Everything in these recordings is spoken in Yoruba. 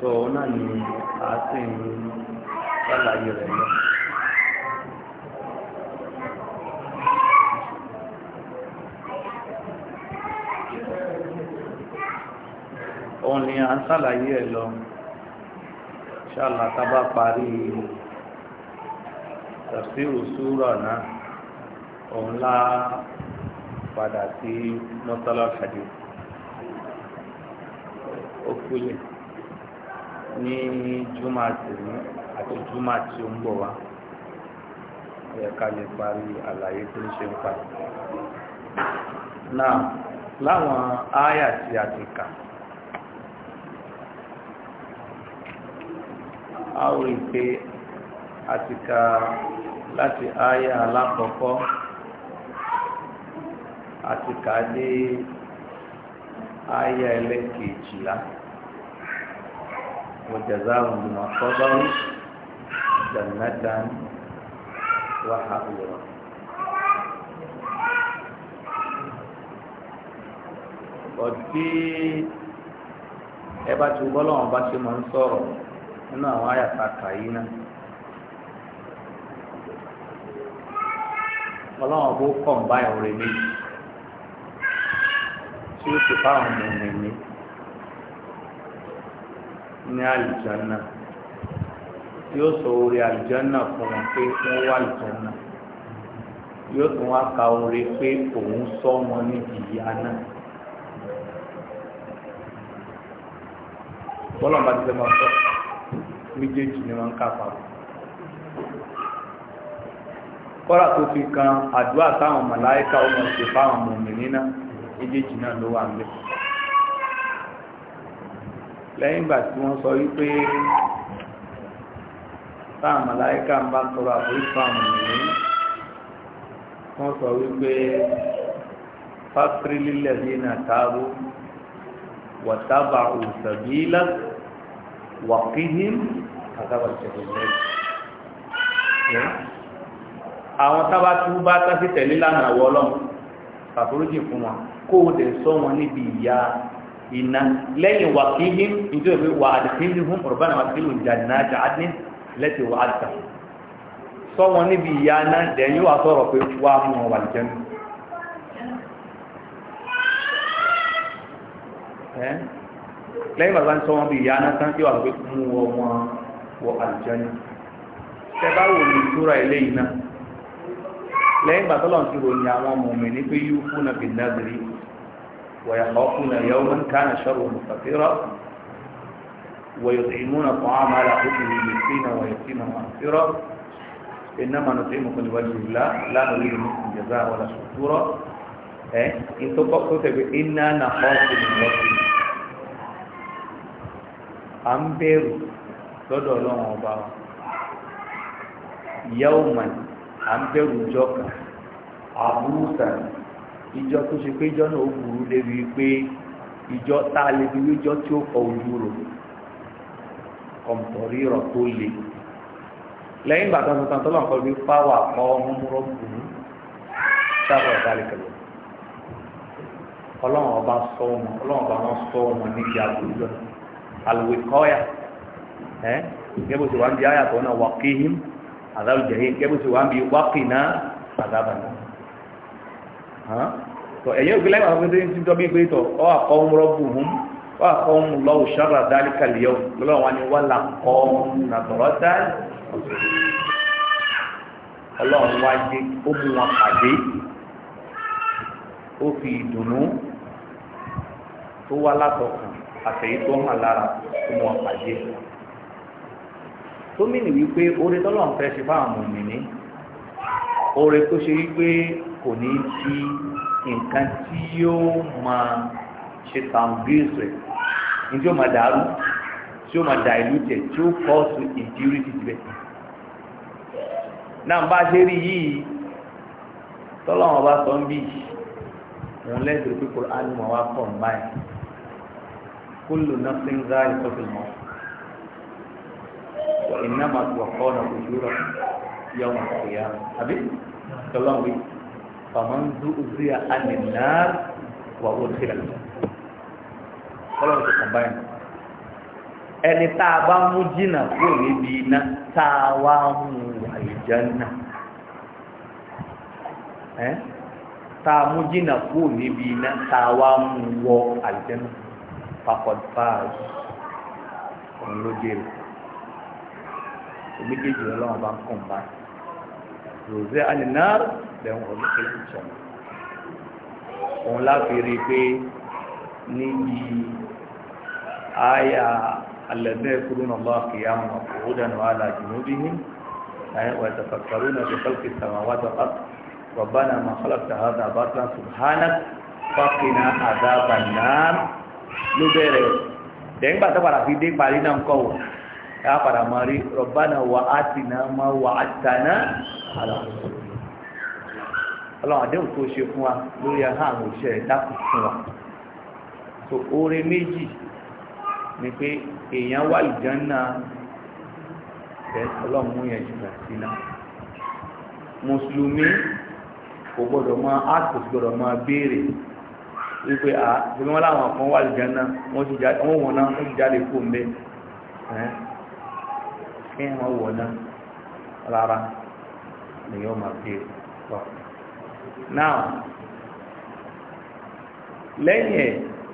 sọ náà ni a sì ń ṣàlàyé rẹ̀ lọ. òun ni a ń ṣàlàyé ẹ̀ lọ ṣàlà tá a bá parí tafsiru súrà náà òun láà padà sí mọ́sálà àdé ó kúlẹ̀ ní júmọ̀ àtìmí àti júmọ̀ àti ó ń bọ̀ wá ẹ̀ ká lè parí àlàyé tó ń ṣe ń pa náà láwọn ááyà tí a ti kà a rí i pé a ti kà láti ááyà alákọ̀ọ́kọ́ àti kàdé ayé ẹlẹ́kẹ̀ẹ́jìlá وجزاهم بما صبروا جنة وحريرا ọtí ẹ bá ti gbọ́ lọ́wọ́n bá ṣe máa ń sọ̀rọ̀ nínú àwọn àyàtà kàyí náà ọlọ́wọ́n bó kọ̀ ń báyọ̀ rẹ̀ méjì tí ó ti fáwọn mùmìnì ní àlìjánná yóò sọ orí àlìjánná fún wọn pé wọ́n wà àlìjánná yóò tún wá ka orí pé òun sọ wọn níbi ìyá náà. bọ́lá bá ti fẹ́ sọ méjèèjì ni wọ́n ń kà papọ̀. kọ́lá tó fi kan àdúrà táwọn màláìka ọmọ ṣe fáwọn mùmìnì náà méjèèjì náà ló wà níbẹ̀ lẹ́yìn ìgbà tí wọ́n sọ wípé táwọn màláíkà ń bá tọrọ àforíjì fáwọn nìyí wọ́n sọ wípé fásitì lílẹ̀ sí nàtàrú wàtábà òsàbílà wàkíhìm àtàbà ìṣẹ̀lẹ̀ àwọn tábà tí wọ́n bá tásí tẹ̀lé lánàá wọ́ fún wọn kó o dẹ̀ sọ wọn níbi ìyá iná lẹ́yìn wà kí ní ìjọ ìwé wà àdìsíní fún ọ̀rọ̀bánà wà sí ìjà náà jà á ní lẹ́tì wà á tà sọ wọn níbi ìyá iná dẹ̀yìn wà sọ̀rọ̀ pé wà á mú wọn wà lìjẹ́ lẹ́yìn bàbá ń sọ wọn bí ìyá iná tán tí wà pé mú wọn wọ àlìjẹ́ ní tẹ bá wò ní ìtura eléyìí náà lẹ́yìn bàtọ́lọ̀ ti ròyìn àwọn ọmọ mi ní pé yíò fún nàbì nàbìrì ويخافون يوما كان شره مستطيرا ويطعمون الطعام على حبه مسكينا ويتيما واسيرا انما نطعمكم لوجه الله لا نريد منكم جزاء ولا شكورا eh itu kok kutip inna nakhafu min أم amberu lọ́dọ̀ Ọlọ́run ọba يوما أم amberu جوكا عبوسا ìjọ tó ṣe pé ìjọ náà ó burú débi pé ìjọ tá a lè fi wíjọ tí ó kọ ojú rò kọ̀ǹtọ̀rì rọ̀ tó le lẹ́yìn ìgbà tó ń sọ tó lọ́nkọ́ bí fáwà kọ́ ọmọ múrọ́ bùnú sábà ìdálẹ́ kẹlẹ́ ọlọ́run ọba sọ wọn ọlọ́run ọba wọn sọ wọn níbi àgbòjọ àlùwé kọ́yà ẹ gẹ́gẹ́ bó wá ń bi ayàtọ̀ náà wà kéhìm àdáwùjẹ́hìn gẹ́gẹ́ bó ṣe wá ń bi wákìnà àdábànà tọ ẹ̀yẹ́ ògbé láìpẹ́ àwọn ọmọdé ti dọ́bí pé tọ ọ àkọ́ ń rọ́bù hùm ọ àkọ́ ń lọ òṣàrà dárí kàlíyọ lọ́wọ́ wa ni wà là kọ́ nàtọ̀rọ̀ dárí ọlọ́run wá dé ó mú wọn pàdé ó fi ìdùnnú tó wá látọkàn àtẹ̀yí hàn lára ó mú wọn pàdé tó wípé oore tọ́lọ́run fẹ́ ṣe fáwọn mòmìnì oore tó ṣe wípé kò ní sí nǹkan tí yóò máa ṣe tàǹgìrìsì rẹ̀ ní tí yóò máa dàrú tí yóò máa dilute tí ó kọ́ sí impurity jù bẹ́ẹ̀. náà bá ṣe rí yìí tọ́lọ́wọ́n bá sọ ń bí òun lẹ́sìn pé Kùránì mọ̀ wá pọ̀ báyìí kúlù náà ti ń rá ìtọ́fìmọ̀ wà ìnáma tó wà ọ̀nà òṣùwọ̀n yọ̀ọ̀mọ̀ ìyá àbí tọ́lọ́wọ́n wí fàmán zuzi ànìnàr wà ó sílẹ̀ kọ́lọ́run ti kàn báyìí ẹni tá a bá mú jìnnà kúrò níbi iná tá a wá mú àlìjánnà ẹ́ tá a mú jìnnà kúrò níbi iná tá a wá mú wọ àlìjánnà pàpọ̀tàpáàz òun ló jèrè òmídéjì ọlọ́run bá ń kàn báyìí zuzi ànìnàr lẹ́hìn olókèlè ìṣọ̀nà òun láti rí i pé níbi àyà alẹ́dẹ́ kúrò bá kì í àwọn òwò dànù aláàjì ní ويتفكرون في خلق السماوات والأرض ربنا ما خلقت هذا باطلا سبحانك فقنا عذاب النار ló bẹ̀rẹ̀ dẹ̀yìn bàtà padà fi dé ربنا وآتنا ما وعدتنا ọlọ́run àdéhùn tó ṣe fún wa lórí ahá àwọn òṣìṣẹ́ rẹ̀ dákùn fún wa so oore méjì ni pé èèyàn wà ìjánná ẹ ọlọ́run mú yẹn jìnnà síná mùsùlùmí kò gbọdọ̀ máa áàtò sí gbọdọ̀ máa béèrè wípé à ṣùgbọ́n wọn láwọn kan wà ìjánná wọ́n ti jáde wọ́n wọ̀nà wọ́n ti jáde kó mbẹ́ kí wọ́n wọ̀nà rárá ni yóò máa béèrè náà lẹ́yìn ẹ̀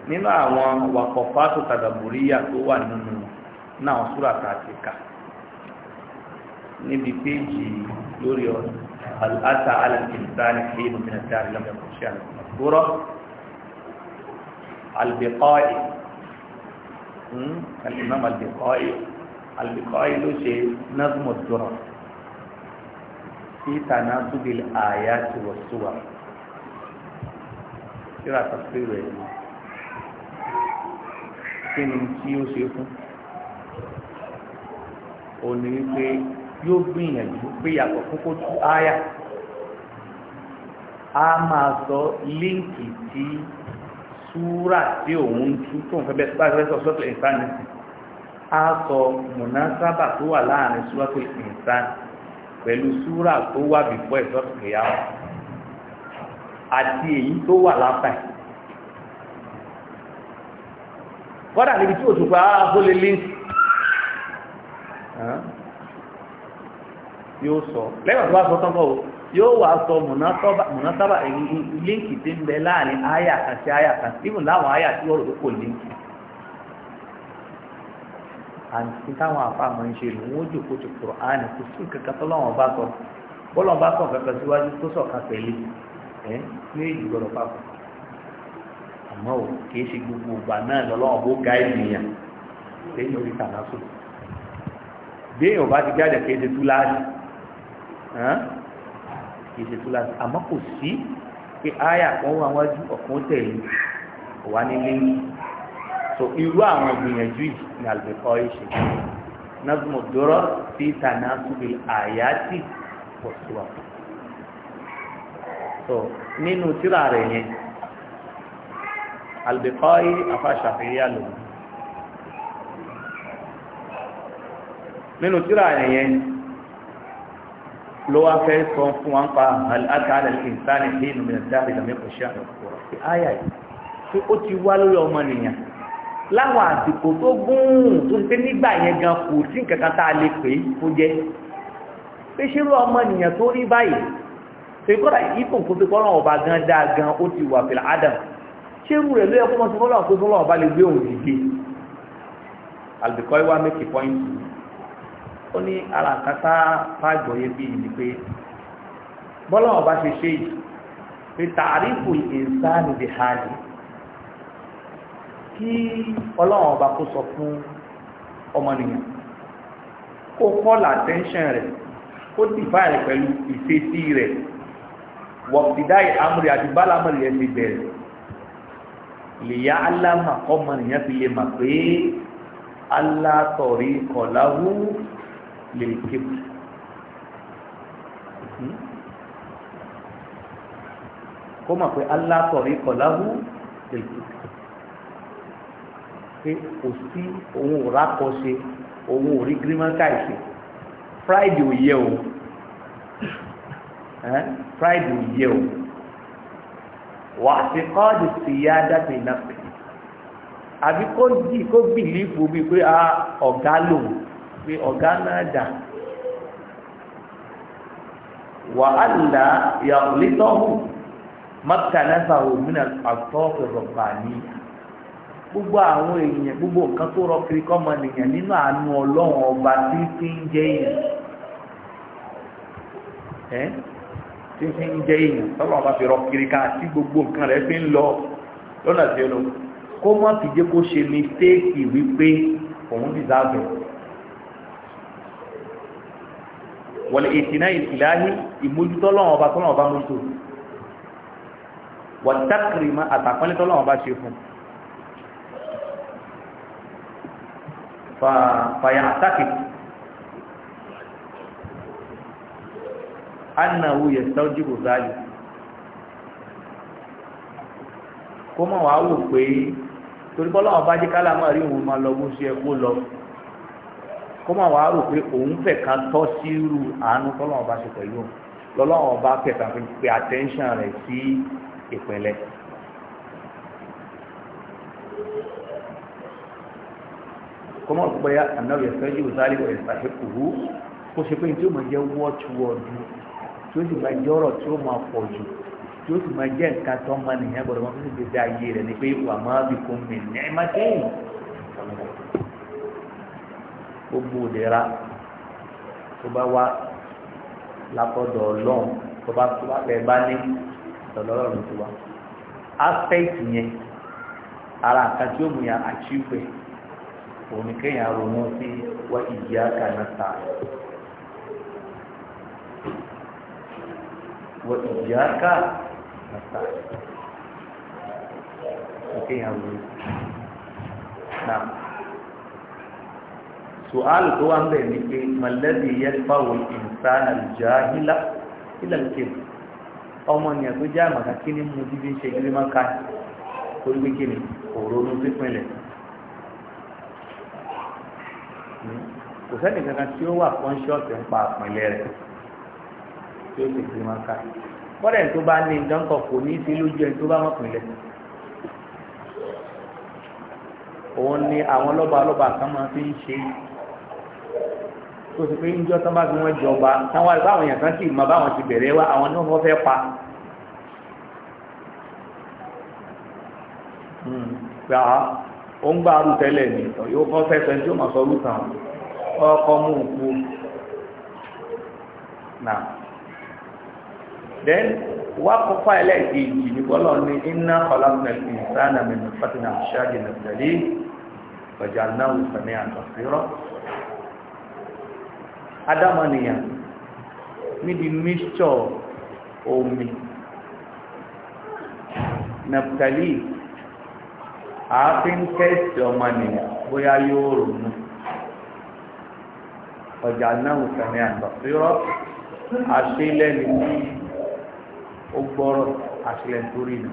nínú àwọn wàkọ̀fà tó tàdàbòríyà tó wà nínú náà súrà tààtìkà níbi péjì lórí ọ̀rọ̀ al'ata al'insani hìlú min àtàrí lọ́mọ̀ ìkọ̀ṣẹ́ àgbúrọ̀ albìkọ́ì al'imam albìkọ́ì albìkọ́ì ló ṣe nazmọ̀ dúrọ̀ في تناسب الآيات والصور ترى tafsir rẹ̀ ni kí ni tí ó ṣe fún ò ní wípé yóò gbìyànjú pé yàtọ̀ fún kó tú áyà a máa sọ líǹkì tí súrà tí òun tú tó ń bẹ́ẹ̀ bá fẹ́ sọ sọ́tò ìsánì a sọ mùnásábà tó wà láàrin súrà tó ìsánì pẹ̀lú súrà tó wà bìfọ́ ìsọ́tìkìyà àti èyí tó wà lápá ẹ̀ níbi tí òṣùpá ó ah, lè yóò sọ lẹ́gbàá tó bá sọ tọ́kọ̀ yóò wá sọ mùnásábà líǹkì tí ń bẹ láàrin kan síbùn láwọn tí wọ́n rò kò líǹkì àti táwọn àfàmọ́ ń ṣe nù wọ́n jòkó ti Kùránì kò sí kankan tó lọ́wọ́ bá sọ bọ́lọ̀ bá sọ kankan síwájú tó sọ̀ka tẹ̀lé ẹ̀ lé ìgbọ̀rọ̀ papọ̀ àmọ́ ò kìí ṣe gbogbo ìgbà náà lọ́wọ́ bó ga ènìyàn lẹ́yìn orí tànásù béèyàn bá ti jáde kìí ṣe túláàsì kìí àmọ́ kò sí pé áyà kan wà wájú ọ̀kan tẹ̀lé ọ̀wá nílé yìí so irú àwọn ìgbìyànjú yìí ni àlùbẹ̀kọ́ yìí ṣe nazmo dọ́rọ́ sí tànà tóbi àyàtì pọ̀ sí wa so nínú tírà rẹ̀ yẹn àlùbẹ̀kọ́ yìí afáṣàfihàn lòun nínú tírà rẹ̀ yẹn ló wá fẹ́ sọ fún wa ń pa àtàlẹ̀ ìsáni nínú mìíràn dáre lọ́mẹ́kọ̀ọ́ sí àwọn ọ̀pọ̀ sí àyà yìí ó ti wá lórí ọmọ nìyàn láwọn àsìkò tó gùn tó ṣe nígbà yẹn gan kò sí nǹkan kan tá a lè pè é kó jẹ́ pé ṣírú ọmọnìyàn tó rí báyìí ṣe kọ́ra ìkùn kó fi kọ́ra ọba gan dáa gan ó ti wà fìlà Adam ṣírú rẹ̀ ló yẹ kó mọ̀ sí fọlọ́ọ̀ pé fọlọ́ọ̀ ọba lè gbé òun dìde àlùkò ìwà mẹ́kì pọ́ìntì ó ní ara fàgbọ̀yé bí ni pé bọ́lá ọba ṣe ṣe yìí pé tààrífù ìsáàlì kí ọlọ́run ọba kó sọ fún ọmọnìyàn kó kọ́lá attention rẹ̀ kó tìfà rẹ̀ pẹ̀lú ìfésí rẹ̀ wọ̀pìdáì amúrí àti bálámọ̀lì ẹ̀ ti bẹ̀rẹ̀ lèyà aláma ọmọnìyàn fi lè mà pé alátọ̀rí kọ̀láwú lè kébù kó mà pé alátọ̀rí kọ̀láwú lè kébù pé kò sí òun ò rákọ ṣe òun ò rí gírímọ́tà ìṣe friday ò yẹ o friday ò yẹ o wà á fi kọ́ọ̀dù sí yá dábì náà pè àbí kó dì kó bìlífù bíi pé ọ̀gá lòun pé ọ̀gá náà dà wà á là yàgò létọ́hùn mọ́tàlẹ́sà òmìnira àtọ́fẹ̀rọ̀ bàníyà gbogbo àwọn èèyàn gbogbo nǹkan tó rọ kiri kọ́ ọmọnìyàn nínú àánú ọlọ́run ọba tí fi ń jẹ èèyàn ẹ́ tí fi ń jẹ èèyàn tọ́lọ́ ọba fi rọ kiri ká tí gbogbo nǹkan rẹ̀ fi ń lọ lọ́nà tí ó lọ kó má fi jẹ́ kó ṣe mistéèkì wípé òun dìsáàbẹ̀ wọ̀lẹ̀ ìtìná ìlàhí ìmójútọ́lọ́wọ̀n ọba tọ́lọ́wọ̀n ọba mójútó wọ̀tákìrìmá àtàkọ́lẹ́tọ́lọ́wọ̀n ọba ṣe fún un فيعتقد أنه يستوجب ذلك kó mọ̀ wá wò pé torí bọ́lá wọn bá jẹ́ ká láàmú rí òun máa lọ bó ṣe kó lọ kó mọ̀ wá rò pé òun fẹ̀ka tọ́ sí irú àánú tọ́lọ́wọ́n bá ṣe pẹ̀lú òun lọ́lọ́wọ́n bá fẹ̀ka fi pe attention rẹ̀ sí ìpínlẹ̀. kọ́mọ̀ pé ànáwó ẹ̀fẹ́ yóò sáré wọ̀ ẹ̀fà ẹ̀kùrú kó ṣe pé tí ó máa jẹ́ wọ́ọ̀túwọ́ọ̀dù tí ó sì máa jẹ́ ọ̀rọ̀ tí ó máa pọ̀ jù tí ó sì máa jẹ́ nǹkan tó máa nìyẹn gbọ́dọ̀ wọn fún ìgbésí ayé rẹ̀ ni pé wà máa bì kó mi ní ẹ̀ máa tẹ́yìn gbogbo òdera tó bá wá látọ̀dọ̀ ọlọ́run tó bá tó bá fẹ́ bá ní ọ̀dọ̀lọ́run tó wá òun ni kéèyàn ronú sí wá ìyá kanata wá ìyá kanata kéèyàn ronú náà su'al tó wà ń bẹ̀ ni pé mọ̀lẹ́bí yẹn fáwọn ìsàn àjàhílà ilẹ̀ kébù ọmọ ènìyàn tó jẹ́ àmàkà kí ni mo ti fi ń ṣe gírímà káà torí kò sẹ́ni kankan tí ó wà conscious ń pa àpìnlẹ̀ rẹ̀ tí ó sì fi máa ká kọ́dà tó bá ní ìdánkọ̀ kò ní í sí lójú ẹni tó bá mọ̀ pìnlẹ̀ òun ni àwọn lọ́ba lọ́ba kan máa fi ń ṣe tó sì pé níjọ́ tán bá fi wọ́n jọba táwọn àgbà àwọn èèyàn kan sì mọ báwọn ti bẹ̀rẹ̀ wá àwọn ni wọ́n fẹ́ pa. gbà hmm. á ó ń gbàrú tẹ́lẹ̀ ní yóò kọ́ sẹ́sẹ̀ tí ó mọ̀ sọ orúkọ àwọn ọkọ̀ mú òkú náà then wá kọ́kọ́ ẹlẹ́ẹ̀kejì ní bọ́lọ̀ ní iná ọlámẹ́sì sáànà mẹ́nu fatina ṣáàjì nàìjíríà ọjà náà sàmì àtọ̀sírọ́ adámọ̀nìyàn níbi mixture omi nàìjíríà àáfin kẹ́sì ọmọnìyàn bóyá yóò ronú ọjà náà sẹ́ni àgbàfírọ́ àṣelẹ́ni tí ó gbọ́rọ̀ àṣelẹ́ni tó rí nù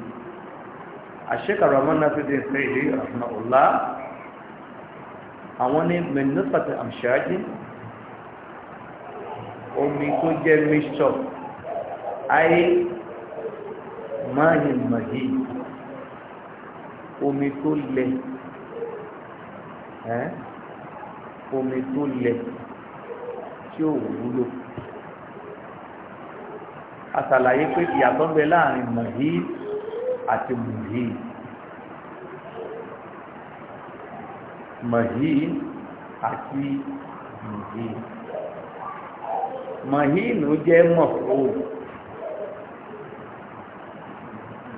àṣekàrọ̀ amánàfídín fẹ́ ìlú rahmanullah àwọn ní mẹ́núfàtà àmṣáájí omi tó jẹ́ mixture ayé máyìn màyí omi tó lẹ ẹ omi tó lẹ tí ò wúlò àṣàlàyé pé ìyàtọ̀ ń bẹ láàrin mọ̀hí àti mọ̀hí mọ̀hí àti mọ̀hí mọ̀hí ló jẹ́ mọ̀fóòlù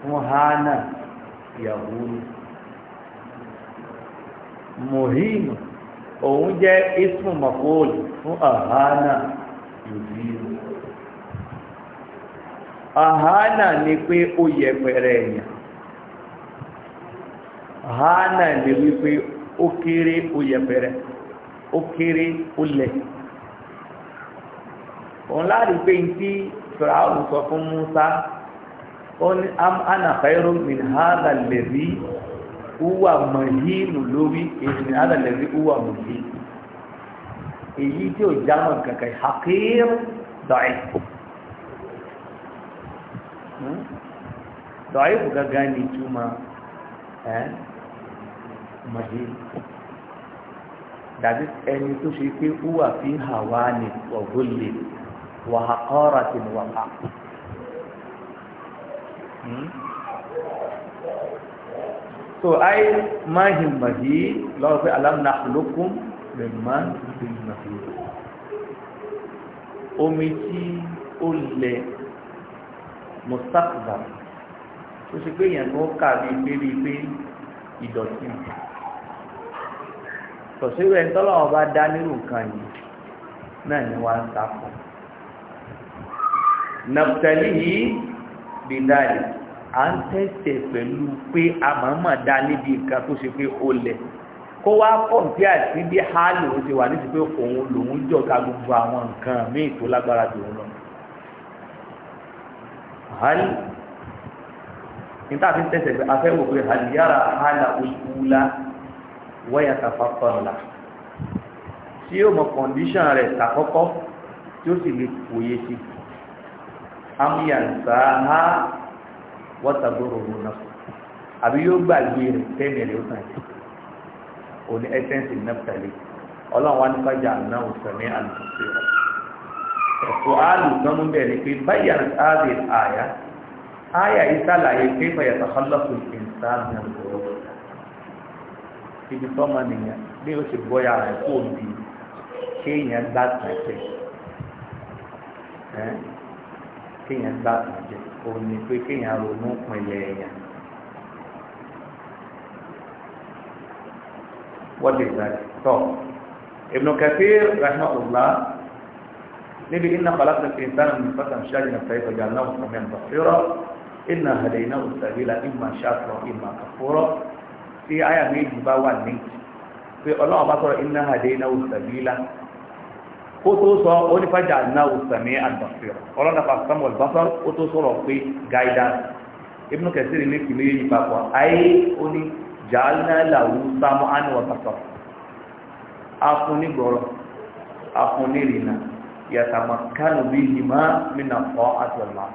mọ̀hánà yahoo mohim òun jẹ́ ismu mafol fún ahana yuziru ahana ni pé ó yẹpẹrẹ èèyàn ahana ni wípé ó kéré ó yẹpẹrẹ ó kéré ó lẹ̀ òun láti pé tí fìràwùn sọ fún musa ó ní ana khairu min hadha alladhi huwa mahinu lórí min hadha alladhi huwa muhin èyí tí ó jámọ̀ kankan hakir dọ̀ẹ́ hmm? dọ̀ẹ́ kò gángan ní ìtumọ̀ mahin dàbí ẹni tó ṣe pé huwa fi hàwa ni wàhùlẹ̀ wàhàkọ́ra ti wàhàkọ́ Hmm? so ai mahim mahi lọ́wọ́ pé alam nakhluqukum min ma'in mahin omi tí ó lẹ̀ mustapha tó ṣe pé èèyàn kan kà bíi pé bíi pé ìdọ̀tí tọ̀síwẹ̀ ń tọ́lọ́wọ́ bá dá nínú nǹkan yìí náà ni wọ́n á sá fún un nàbùtẹ́lì yìí bíláì à ń tẹ̀sẹ̀ pẹ̀lú pé a máa mà dá níbi nǹkan tó ṣe pé ó lẹ̀ kó wá kọ̀ǹpí àti bí hálò ó ti wà ní ti pé òun lòun jọ̀ka gbogbo àwọn nǹkan míì tó lágbára jù lọ. hálì níta fi tẹ̀sẹ̀ pé afẹ́ wò pé hálì yára hálà olùkúlá wáyà tàfà pọ̀nlá tí yóò mọ kọ̀ǹdíṣàn rẹ̀ tàkọ́kọ́ tí ó sì lè fòye sí i am yansaha wa tadurruhu nafsu àbí yóò gbàgbé rẹ̀ tẹ́mi rẹ̀ ó tàn yìí ó ní ẹsẹ̀nsì nẹ́pẹ̀lẹ́ ọlọ́run wa ní fàjà náà sẹ̀mí àlùfẹ́ rẹ̀ ẹ̀kọ́ àlùfẹ́mú bẹ̀rẹ̀ pé báyà sáàbì àyà àyà ìsàlàyé pé fàyà sàkọ́lọ́fù ìsàmì àlùfẹ́ ibi tọ́mọ nìyẹn bí ó ṣe bọ́ yàrá ẹ̀kọ́ òbí kéèyàn gbà tàn ẹ̀kẹ́ kéèyàn gbà tàn jẹ òun ni pé kéèyàn ronú pinlẹ̀ èèyàn. wọ́n lè gbà tọ̀ Ibn Kathir rahimahullah níbi iná kọlásìn fi ìtànà ní fásitì àmṣáàjì náà fẹ́ ìfọ̀jà náà sọ̀mẹ́ ìbọ̀fẹ́rọ̀ iná àhàlẹ̀ iná òṣèlú ìmọ̀ ṣáàtọ̀ ìmọ̀ àkàfọ́rọ̀ tí àyà méjì bá wà ní pé ọlọ́run bá sọ̀rọ̀ iná àhàlẹ̀ iná òṣèlú kó tó sọ onífàjà náà sàmì àgbàfẹ́ ọlọ́nà pàṣẹmọ̀ ìbáfẹ́ ó pé guidance Ibn Kathir ní kìlú yìí papọ̀ ayé ó ní jàálínà làwù sámú ánìwọ̀tàtọ̀ afúnigbọ̀rọ̀ afúnirìnà yàtàmàkánù bí ìmá mìnà fọ́ àti ọ̀là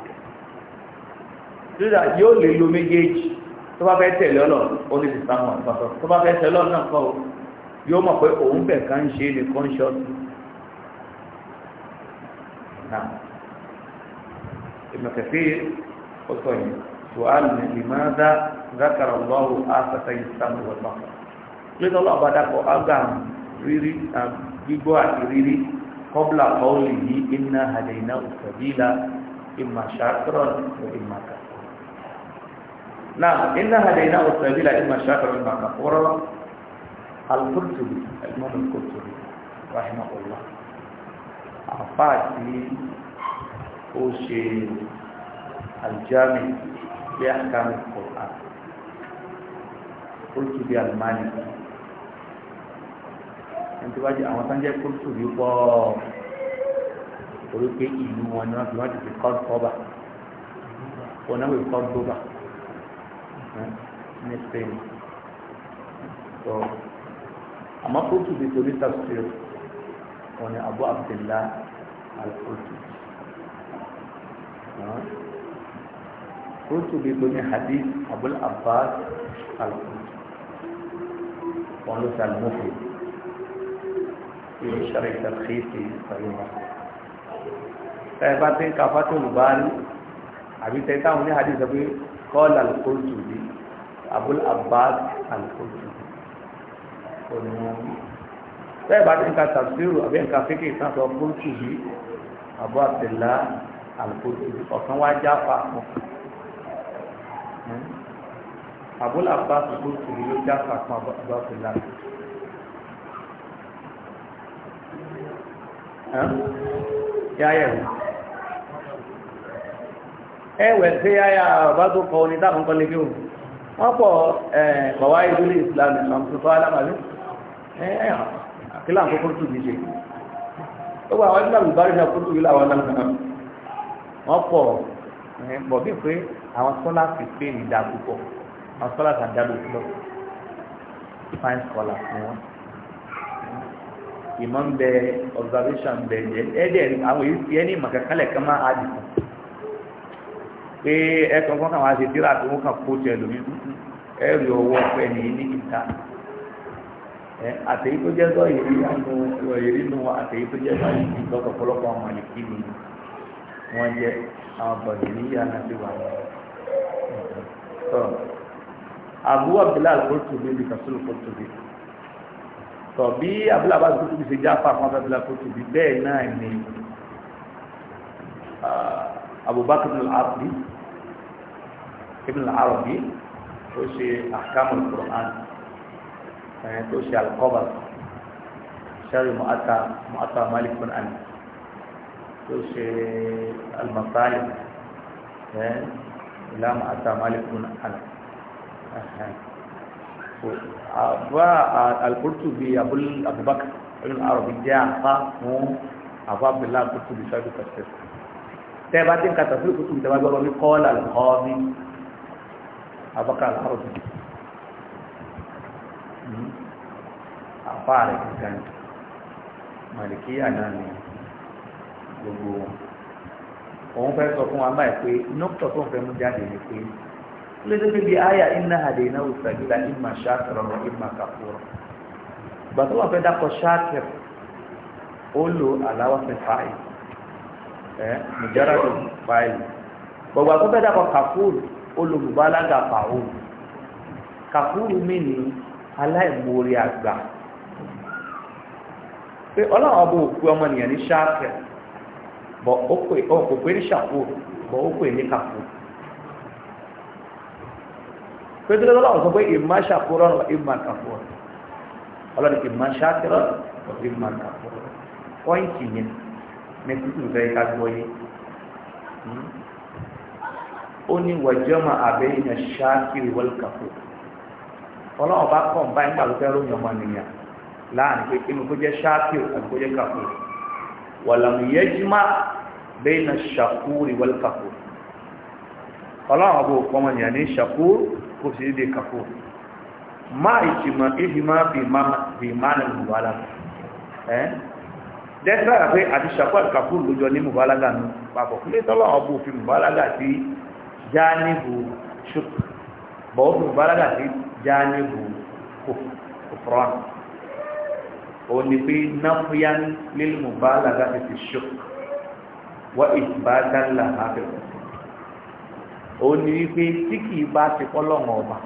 sídà yóò lè lo méjèèjì tó bá fẹ́ tẹ̀lé ọlọ́ ó ní ti sámú àgbàfẹ́ tó bá fẹ́ tẹ̀lé ọlọ́ náà kọ́ yóò mọ̀ pé òun bẹ̀ ká ń ṣe ní consciousness نعم ابن كثير قلت سؤال لماذا ذكر الله آفتي السمع والبصر لذا الله بدأ وأقام ريري بيبوع ريري قبل قوله إنا هديناه السبيل إما شاكرا وإما كفورا نعم إنا هديناه السبيل إما شاكرا وإما كفورا القرطبي الإمام القرطبي رحمه الله àfá tí ó ṣe aljami bí àkàmì kọ̀ọ̀kan kóòtù bí alimani ẹni tó bá jẹ àwọn sáńjẹ kóòtù bí pọ̀ orí pé ìlú wọn ni wọ́n fi wọ́n ti fi kọ́ kọ́ba wọn náà wò kọ́ gbóba ní Spain so àmọ́ kóòtù bí torí tàbí wọn ni abu abdullah al-qurtubi qurtubi tó ní hadith abul abbas al-qurtubi wọn ló sàlmùfì yóò ṣàrẹ̀ ìtàkìsì pẹ̀lú wọn tẹ́ bá ti ń ka fátólù bá rí àbí tẹ́ táwọn ní hadith sọ pé kọ́ọ̀lù al-qurtubi abul abbas al-qurtubi bẹ́ẹ̀ bá ti ń ka tàbísírù àbí ń ka fíkì ìtàn sọ bóńtù yìí àbú àbdìlá àlùkòtò ọ̀kan wá já fa àpọ̀ àbúlà bá bóńtù yìí ló já fa àpọ̀ àbú àbdìlá. yáyà ẹ̀wọ̀n ẹ̀wẹ̀ tí yáyà bá tó kọ ní dáàbùn kọ́ lé o wọ́n pọ̀ kọ̀wá ìdúlé ìsìlámù ìsìlámù tó tọ́ alámàlú ẹ̀yà kí láà kókó tù mí ṣe ó wà àwọn nígbà bùbá rẹ̀ kó tù mí láwọn aláǹkàná wọ́n pọ̀ bọ̀ bí pé àwọn sọ́lá ti pé ní púpọ̀ àwọn sọ́lá ti àdá lóṣù lọ fine scholar ni wọ́n ìmọ̀ ń bẹ observation ń bẹ jẹ ẹ̀dẹ̀ àwọn èyí ti ẹni ìmọ̀ kankanlẹ̀ kan máa á dìbò pé ẹ̀kan kan kàn wá ṣe tíra tó ń kàn kó jẹ lómi ẹ̀rì ọwọ́ pẹ̀ ní ní ìta àtẹ̀yí tó jẹ́ sọ ìrírí nù ìrírí nù àtẹ̀yí tó jẹ́ sọ ìrírí lọ́sọ̀ pọ̀lọpọ̀ àwọn àlèkí ni wọ́n jẹ́ àwọn bọ̀dì ní yíyá náà ti wà ní. tọ́ àbú abdullahi al-Qurtubi bí kasul al-Qurtubi tọ́ bí abdullahi al-Qurtubi ṣe já pa fún abdullahi al-Qurtubi bẹ́ẹ̀ náà ni abubakar al-Arabi ibn al-Arabi ó ṣe ahkamul Qur'an ẹ̀yìn tó ṣe àlùkọ́bà ṣẹ́rì mọ́ta mọ́ta malik bin ali tó ṣe almasali ẹ̀ ìlà mọ́ta malik bin ali àbá alkurtubi abubakar ibn arabi jẹ́ àpá fún àbá abdullahi alkurtubi ṣáájú kàṣẹ́ tẹ́ bá ti ń kàtàkùn alkurtubi tẹ́ bá gbọ́ bí kọ́ọ̀lá alkọ́ọ̀bí abubakar alkurtubi àfá rẹ̀ kankan màlìkíyà náà ni gbogbo wọn òun fẹ́ sọ fún wa báyìí pé nọ́pútọ̀ tó ń fẹ́ mú jáde ni pé lẹ́sẹ̀kẹ́ bíi àyà iná àdè iná òsàgídà ìmà ṣáàtìrọ̀ rọ̀ ìmà kàfúrọ̀ gbà tó wọn fẹ́ dákọ̀ ṣáàtìr ó lo aláwọ̀sẹ̀ fáìl ẹ̀ mùjáradò fáìl gbọ̀gbà tó fẹ́ dákọ̀ kàfúr ó lo mùbálágà fàáhùn kàfúr mi ni aláìmoore àgbà pé ọlọ́run ọba òkú ọmọnìyàn ní ṣáàkẹ́ bọ̀ ó pè ó kò pé ní ṣàkó bọ̀ ó pè ní kàkó pé tó lọ́wọ́ ọ̀sán pé ìmá ṣàkó rọrùn ìmá kàkó ọlọ́run ìmá ṣáàkẹ́ rọrùn ìmá kàkó pọ́ìntì yẹn ní títù fẹ́ ká gbọ́ yé ó ní wọ̀jọ́mọ̀ àbẹ́yìn ṣáàkiri wọ́lùkàkó ọlọ́run ọba kọ̀ ń bá ń gbàlùfẹ́ ròyìn ọmọnìyàn láàrin pé kí ni kó jẹ́ ṣáàkìrì àti kó jẹ́ kàfù wàlàmù yẹjúmá bẹ́ẹ̀ na ṣàkúrì wal kàfù ọlọ́run ọgbọ̀ pọ́mọ nìyà ní ṣàkúrì kò sí dé kàfù má ìtìmọ̀ ìfìmọ̀ fi má ní mùbálágà ẹ́ dẹ́sára pé àti ṣàkúrì àti kàfù lójọ ní mùbálágà nù papọ̀ kúlé tọ́lọ́run ọgbọ̀ òfin mùbálágà fi mùbálágà òun ni pé náfíyán lílùmù bá làgá ti fi ṣọ́ wọ́n ìgbà dánilà àbẹ̀wò òun ni wípé tí kìí bá ti kọ́lọ́mù ọba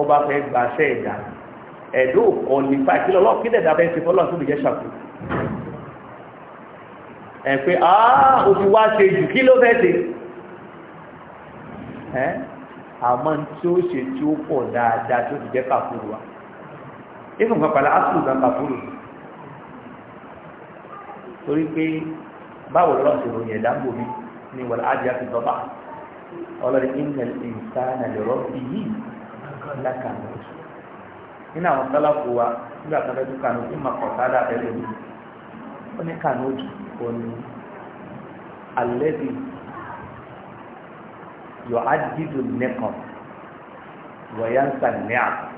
ọba fẹ́ gbàṣẹ́ ẹ̀dá ẹ̀dọ́ òkọ́ nípa ìpínlẹ̀ ọlọ́ọ̀ kí dẹ̀dá bẹ́ẹ̀ ti fọ́lọ́ọ̀ tó lè jẹ́ ṣàkó ẹ̀ pé àá ti wá ṣe jù kí ló fẹ́ ṣe àmọ́ tí ó ṣe tí ó pọ̀ dáadáa tó ti jẹ́ kàkúrú wa even kan pàlà asùn gan kàfúrù torí pé báwo lọ́wọ́ ṣe ròyìn ẹ̀dá ń bò mí ní wàlá ájá ti dọ́bà ọlọ́rin inel insana lè rọ́bì yìí lákàtà nínú àwọn sálàkù wa nígbà tó fẹ́ẹ́ tún kànú tí màá kọ̀ mi ó ní kànú jù ó ní alẹ́bí yọ ájídùn nẹ́kàn wọ̀yánsà nẹ́àkù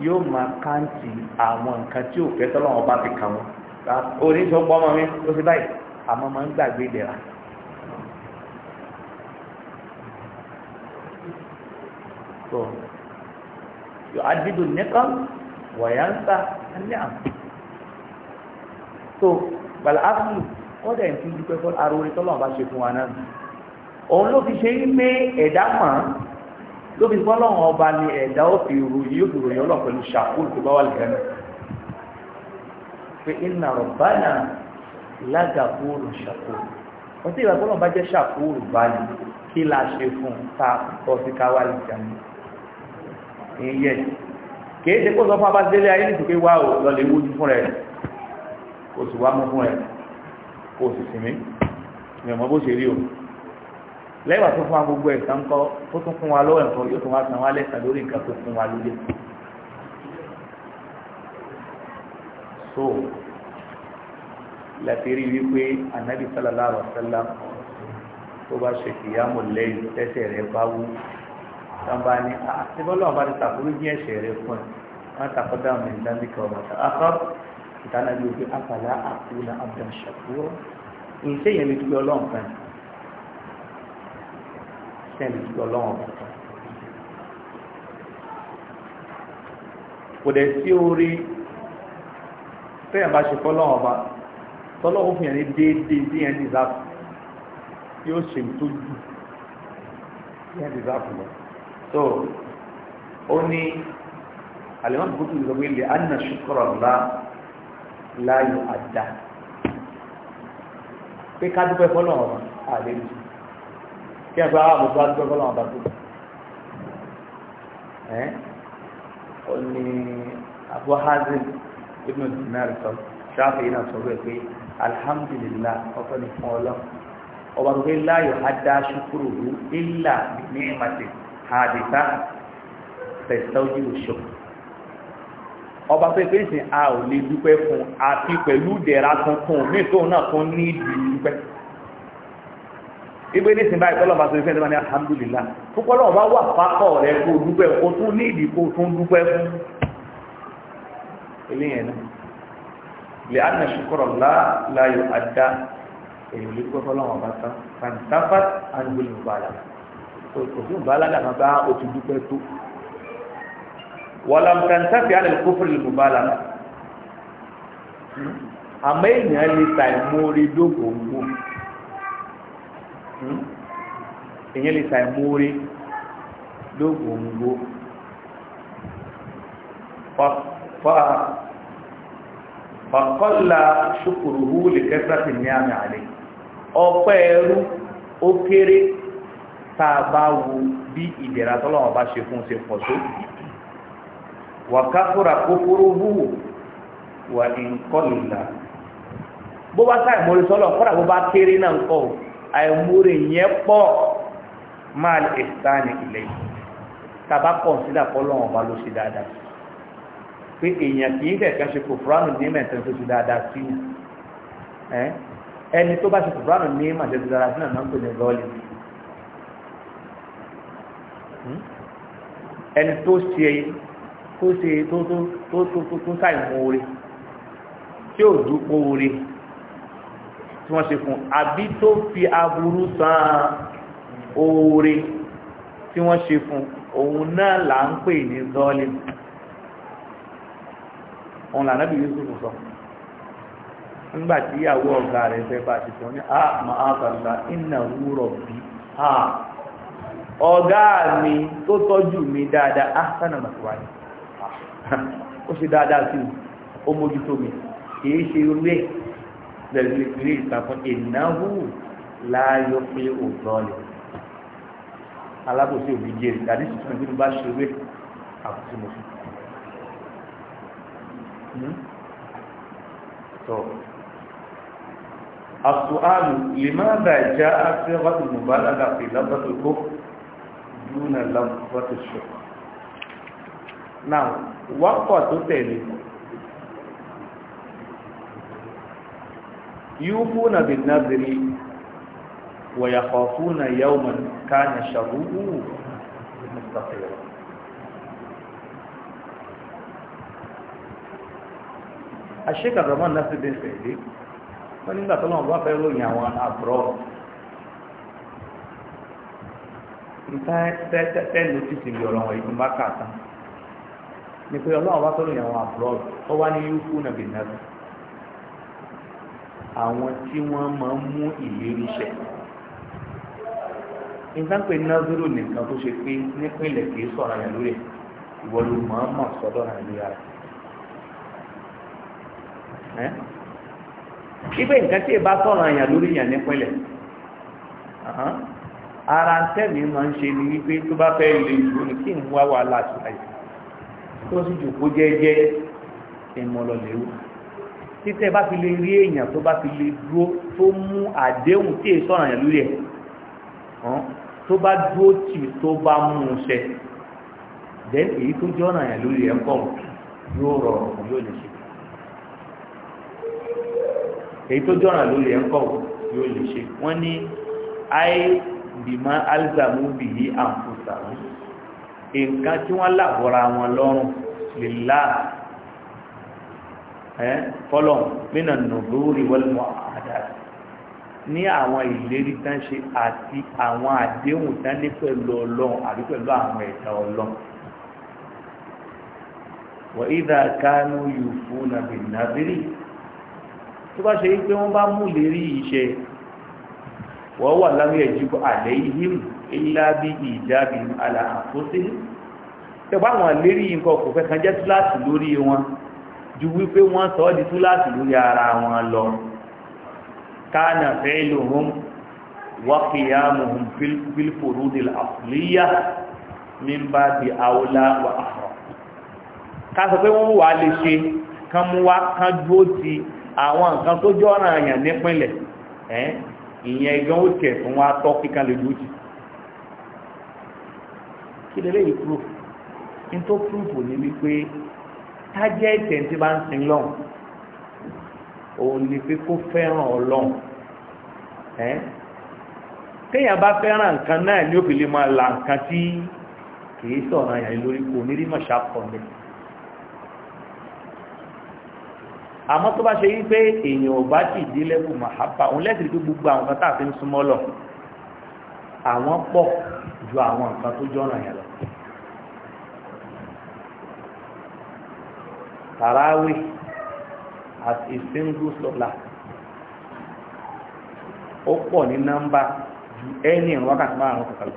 yóò máa káǹtì àwọn nǹkan tí ò fẹ́ tọ́lọ́wọ́n bá fi kà wọ́n orí tó pọ́ ọmọ mi ó sì báyìí àmọ́ máa ń gbàgbé ìdẹ̀ra so yóò adídùn nìkan wọ̀nyá ń sá ní àmì so bàlá áfíì wọ́n dẹ̀ ń fi dúpẹ́ fọ́ aróore tọ́lọ́wọ́n bá ṣe fún wa náà òun ló fi ṣe ń gbé ẹ̀dá mọ́ lóbi fọlọ́run ọba ni ẹ̀dá ó fi ròyìn yóò fi ròyìn ọlọ́run pẹ̀lú ṣàkóso tó bá wà lẹ́nu pé iná rọ̀bánà lágàkóòrò ṣàkóòrò wọ́n sì ìgbà fọlọ́run bá jẹ́ ṣàkóòrò báyìí kí la ṣe fún ta kọ́ sí ká wà lẹ́nu ìyẹn kìí ṣe kó sọ fún abáṣẹ́lé ayé nítorí pé wá ò lọlẹ̀ wójú fún rẹ̀ kò sì wá mú fún rẹ̀ kò sì sinmi ìmọ̀ bó ṣe rí o lẹ́wà tó fún wa gbogbo ẹ̀sán kọ́ ó tún fún wa lọ́wọ́ ẹ̀kọ́ yóò tún wá san wá lẹ́sàn lórí nǹkan tó fún wa lóde. so làtẹ́rì wípé anabi sallallahu alaihi wasallam tó bá ṣe kìyàmù lẹ́yìn tẹ́sẹ̀ rẹ̀ bá wú sábà ní àtibọ́lọ́ ah, ọba ti tàkúrú jí ẹ̀ṣẹ̀ rẹ̀ fún ẹ̀ wọ́n tàkọ́dá ọmọ ìdáńdí kan ọba tá a kọ́ ìtànà bíi pé àpàlà àkúlà abdul shakur ìṣe kan sẹ́ni sí ọlọ́run kò dẹ̀ sí orí tẹ́yàn bá ṣe fọ́lọ́run ọba tọ́lọ́run fìyàn ní déédéé bí yẹn dìsáàpù yóò ṣe tó jù bí yẹn dìsáàpù lọ so ó ní àlẹ́mọ́ bùkútù ìsọ̀gbé ilẹ̀ anna ṣùkọ̀rọ̀ ńlá láyò àdá pé ká dúpẹ́ fọ́lọ́run ọba àlejò kí ẹ sọ àwọn àbùkù àdúgbò kọ́ lọ́wọ́ bàtú ẹ́ ó ní Abu Hazim ibn Dinar sọ ṣáfì náà sọ wẹ́ pé alhamdulillah ọkọ ní fún ọlọ́ ọba tó pé láyọ̀ adá ṣukúrò rú ilà ní ìmàtì àdìsá tẹ̀síwájú ìṣọ́ ọba pé pé ìsìn a ò lè dúpẹ́ fún àti pẹ̀lú ìdẹ̀ra tuntun ní ìtòun náà tún ní ìdí dúpẹ́ ibi ní ìsìnbá ìtọ́lọ̀ bá sọ̀rọ̀ fẹ́ẹ́ ní alhamdulillah púpọ̀ náà bá wà pápọ̀ rẹ̀ kó dúpẹ́ kó tún ní ìdí kó tún dúpẹ́ fún eléyẹn náà lè ànà ṣùkọ̀rọ̀ láàyò àdá èyí lè gbọ́ fọlọ́wọ́n bá tán fàǹtàfà àdúgbò ní ìbàlágà òfin ìbàlágà máa bá òtún dúpẹ́ tó wàlàm tàǹtàfì àlè kófìrì ní ìbàlágà àmọ́ èèyàn lè ta ìmúrí dógòwò èyàn lè sàì mórí lóògbòǹgbò fàkọ́lá ṣùkùrùhù lè kẹsàtì ní àmì àlè ọpẹ́ ẹrú ó kéré tàà bá wo bí ìdẹ̀ra tọ́lọ́wọ́ bá ṣe fún ṣe pọ̀ tó wàkàfúrà kókóró hù wà ní kọlùlà bó bá sáì mórí sọ́lọ̀ kọ́dà bó bá kéré náà kọ́ àìmúre yẹn pọ̀ máa lè ìsáàni ilẹ̀ yìí tàbá kọ̀nsídà fọ́lọ́wọ́n ọba ló ṣe dáadáa pé èèyàn kì í kẹ̀kẹ́ ṣe kò fúránù ní mẹ́tẹ́ tó ṣe dáadáa sí ni ẹni tó bá ṣe kò fúránù ní màṣẹ tó dáadáa sí náà náà ń pè ní lọ́ọ̀lì hmm? ẹni tó ṣe tó ṣe tó tó tó tó tó ṣàìmọ̀ oore tí ò dúpọ̀ oore. tí wọ́n ṣe fún àbí tó fi aburú san oore tí wọ́n ṣe fún òun náà là ń pè ní zọ́ọ̀lì òun là Yusuf sọ nígbàtí ìyàwó ọ̀gá rẹ̀ fẹ́ bá ti sọ iná wúrọ̀ bí a ọ̀gá mi tó lẹ́yìn ìpínlẹ̀ ìtàkùn ìnáwó láàyò pé òótọ́ ni alábòsí òbí jẹ́ ìdádí tuntun nínú bá ṣe wé àkùtì mọ̀ tó àtúhàlù lèmọ́dà já afẹ́wàtí mọ̀bálàdà fi lábàtò kó dúnà lábàtò ṣọ̀ náà wákọ̀ tó tẹ̀lé يوفون بالنذر ويخافون يوما كان شره مستطيرا الشيخ الرمان نفس الدين سيدي wọ́n nígbà tó lọ́wọ́ bá fẹ́ ròyìn àwọn àbúrò nta tẹ́lẹ̀ tí ti lè ọ̀rọ̀ ìgbìmọ̀ bá kà tán ni pé ọlọ́wọ́ bá tó ròyìn àwọn àbúrò ó wá ní yúkú nàbìnàbì àwọn tí wọ́n máa ń mú ìlérí ṣẹ ìtànpẹ̀ nàzúrò nìkan tó ṣe pé nípìnlẹ̀ kì í sọ̀rọ̀ yẹn lórí ẹ̀ ìwọ ló máa ń mọ̀ sọ́dọ̀ nàìjíríà rẹ̀ ibẹ̀ nǹkan tí ìbá sọ̀rọ̀ yẹn lórí yẹn nípìnlẹ̀ ara tẹ̀mí máa ń ṣe ni wípé tó bá fẹ́ lè jù ní kí n wá wàhálà àti àyè tó sì jù kó jẹ́jẹ́ ìmọ̀lọ́lẹ́wọ̀ títẹ́ bá fi lè rí èèyàn tó bá fi lè dúró tó mú àdéhùn tí èso ọ̀ràn yẹn lórí ẹ̀ tó bá dúró tì tó bá mú un ṣẹ then èyí tó jẹ́ ọ̀ràn yẹn lórí ẹ̀ ń kọ̀ yóò rọrùn yóò lè ṣe èyí tó jẹ́ ọ̀ràn lórí ẹ̀ ń kọ̀ yóò lè ṣe wọ́n ní ayé bìmọ̀ alzamu bìyí àǹfọ̀sà nǹkan tí wọ́n làbọ̀ra wọn lọ́rùn lè láà fọlọ́n mínà nùdúrì wẹ́lmọ́ àdá ní àwọn ìlérí tán ṣe àti àwọn àdéhùn tán ní pẹ̀lú ọlọ́run àbí pẹ̀lú àwọn ẹ̀dá ọlọ́run wọ́n ìdá kánú yìí fún nàbì nàbìrì tó bá ṣe wípé wọ́n bá mú lérí yìí ṣe wọ́n wà lábẹ́ ẹ̀jú àlẹ́ ìhìm ilá bí ìjábì àlà àfọ́sí tẹ̀gbọ́n àwọn lérí yìí nǹkan kò fẹ́ kan jẹ́ túláàsì lórí wọn ju wípé wọ́n sọ ọ́ di túláàsì lórí ara wọn lọ kánà fẹ́ẹ́lì òun wákìyà mọ̀hún fílfòrò dè àfúlíyà mímbà di àwòlá wà áhọ̀ ká sọ pé wọ́n wà lè ṣe kán mú wá kán dúró ti àwọn nǹkan tó jọ́ ọ̀ràn àyàn nípínlẹ̀ ìyẹn igan ó tẹ̀ fún wa tọ́ kíkan lè dúró ti kí lè lè yìí proof in tó proof ní wípé tájẹ́ ìtẹ̀ tí bá ń sin lọ́n òun ni pé kó fẹ́ràn ọlọ́n ẹ́ kéèyàn bá fẹ́ràn nǹkan náà ní òfin lè máa la nǹkan tí kìí sọ̀rọ̀ àyàn lórí kò ní rí mọ̀ṣá pọ̀ mi àmọ́ tó bá ṣe yí pé èèyàn ò bá ti dé lẹ́kùn màhábà òun lẹ́sìn pé gbogbo àwọn kan tá a fi ń súnmọ́ lọ àwọn pọ̀ ju àwọn nǹkan tó jọ́ràn yẹn lọ Tarawih as a single solar ó pọ̀ ní nọ́mbà ju ẹni wákàtí márùn-ún kọ̀ọ̀kan lọ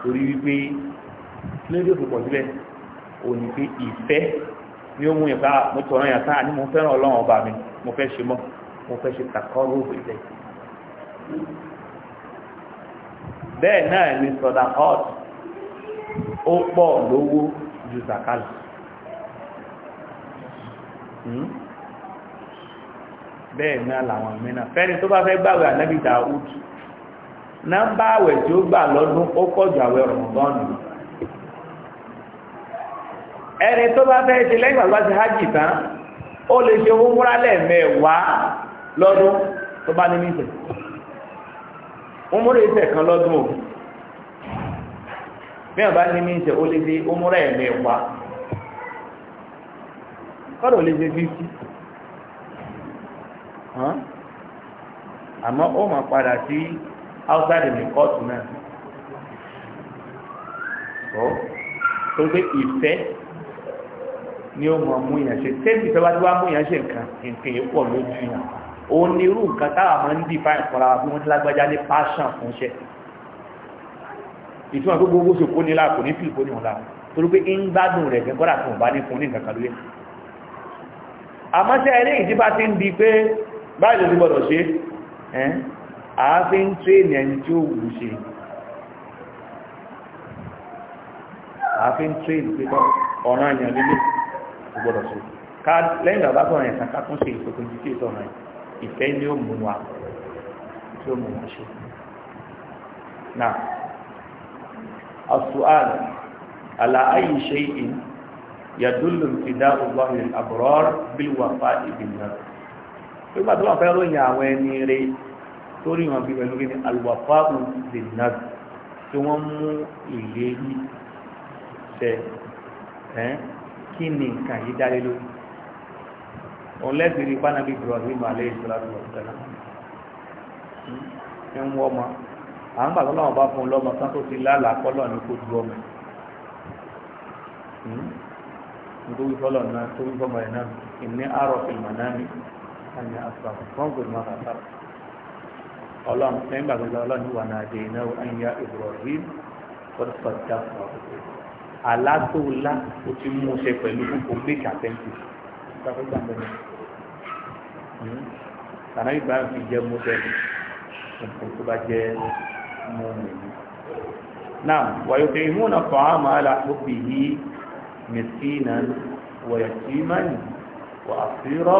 torí wípé lórí òkè pọ̀ síbẹ̀ ò ní pé ìfẹ́ ni ó mú yẹn ká ah, mo tọ̀rọ̀ yẹn ká ní mo fẹ́ràn ọlọ́run ọba mi mo fẹ́ ṣe mọ́ mo fẹ́ ṣe tàkọ́rọ́ òwe rẹ̀ bẹ́ẹ̀ náà ni sọ̀dà hot ó pọ̀ lówó ju zakalà Hmm? bẹ́ẹ̀ náà làwọn mìíràn fẹ́ni tó bá fẹ́ gbàwẹ̀ ànábì Dáúd nọ́mbà àwẹ̀ tí ó gbà lọ́dún ó pọ̀jù àwẹ̀ rọ̀mọ̀dọ́nù ẹni tó bá fẹ́ lẹ́yìn ti hajj tán ó lè ṣe owó múra lẹ́ẹ̀mẹ́wàá lọ́dún tó bá kan lọ́dún o bí bá ní níṣẹ́ ó lè ṣe múra kọ́dọ̀ lè ṣe fífí àmọ́ ó máa padà sí outside the court náà tó tó pé ìfẹ́ ni ó máa mú yàn ṣe tẹ́bí ìfẹ́ bá tí wá mú yàn ṣe nǹkan nǹkan èèpọ̀ lójú yàn ó ní irú nǹkan táwà máa ń dì fáìn fọ́ra bí wọ́n ti lágbájá ní passion fún iṣẹ́ ìtumọ̀ pé gbogbo ṣòkó nílá kò ní fìlì kó ní ọ̀la torí pé ń gbádùn rẹ̀ gẹ́gọ́dà tó ń ní fún ní nǹkan kan lóye àmọ́ṣẹ́ eré ìdí bá ti ń di pé báyìí ló ti gbọ́dọ̀ ṣe àáfin tírèèni ẹni tí ó wù ṣe àáfin tírèèni pé ọ̀ràn ènìyàn lílé ó gbọ́dọ̀ ṣe ká lẹ́yìn bàbá sọ̀rọ̀ ẹ̀sán ká ṣe yàdúlù ìdá ọlọ́rin àbúrọ́r bí wàfá ìbìnà nígbà tó wà fẹ́ ròyìn àwọn ẹni rẹ torí wọn fi pẹ̀lú kíni alùwàfá ìbìnà tí wọ́n mú ìlérí ṣẹ kí ni nǹkan yìí dá lé lórí òun lẹ́sìn rí pánábí Ibrahim alayhi salatu wa salam ń wọ́ ọmọ à ń gbàgbọ́ bá fún un lọ́mọ ti lálàá kọ́lọ́ ní kó du ọmọ nítorí fọlọ́ náà tó ń fọmọ ẹ̀ náà ìní àárọ̀ fìlmà náà ni àmì àfà wọn kò má kà sára ọlọ́run lẹ́yìn gbàgbọ́dọ̀ ọlọ́run wà náà dé iná ẹ̀yà Ibrahim kọ́dọ̀ kọ́dọ̀ fún ọ̀rọ̀ o ti mú ṣe pẹ̀lú kókó méjì àtẹ́ǹtì sànàbí bá fi jẹ́ mọ́tẹ́lì nǹkan tó bá jẹ́ mọ́mọ́ náà wàyọ̀kẹ́ ìmúnà fọ́ àmọ́ àlàkó bìí مسكينا ويتيما وأسيرا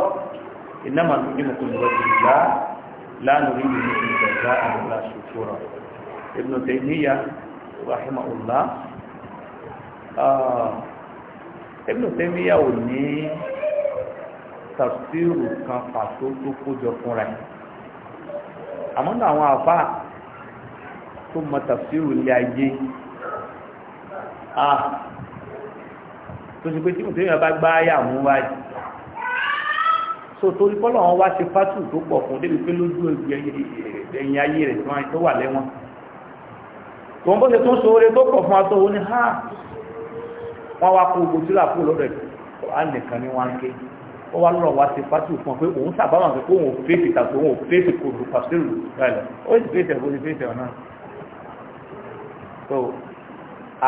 إنما نؤمنكم لوجه الله لا نريد منكم جزاء ولا شكورا ابن تيمية رحمه الله آه ابن تيمية وني تفسير kan pàtó tó kójọ fúnra ẹ̀ àmọ́ náà àwọn àfá tó mọ tafsiru ilé ayé tó ti pé tí mùsùlùmí yẹn bá gbá àyà mú wáyé so torí kọ́lọ̀ wọn wá ṣe fásitì tó pọ̀ fún débi pé lójú ẹ̀yìn ayé rẹ̀ tó wà lẹ́wọ̀n tòun bó ṣe tún sóore tó pọ̀ fún atọ́wọ́ ní ha wọ́n wá kó gbogbo sílà fún lọ́dọ̀ ẹ̀ nìkan ní wọ́n ké ó wá lọ́rọ̀ wá ṣe fásitì fún ọ pé òun sàbámà pé kó òun fèsì tàbí òun fèsì kò lù pàṣẹlù rẹ̀ ó sì fèsì ẹ̀kọ́ sí fèsì ọ̀nà so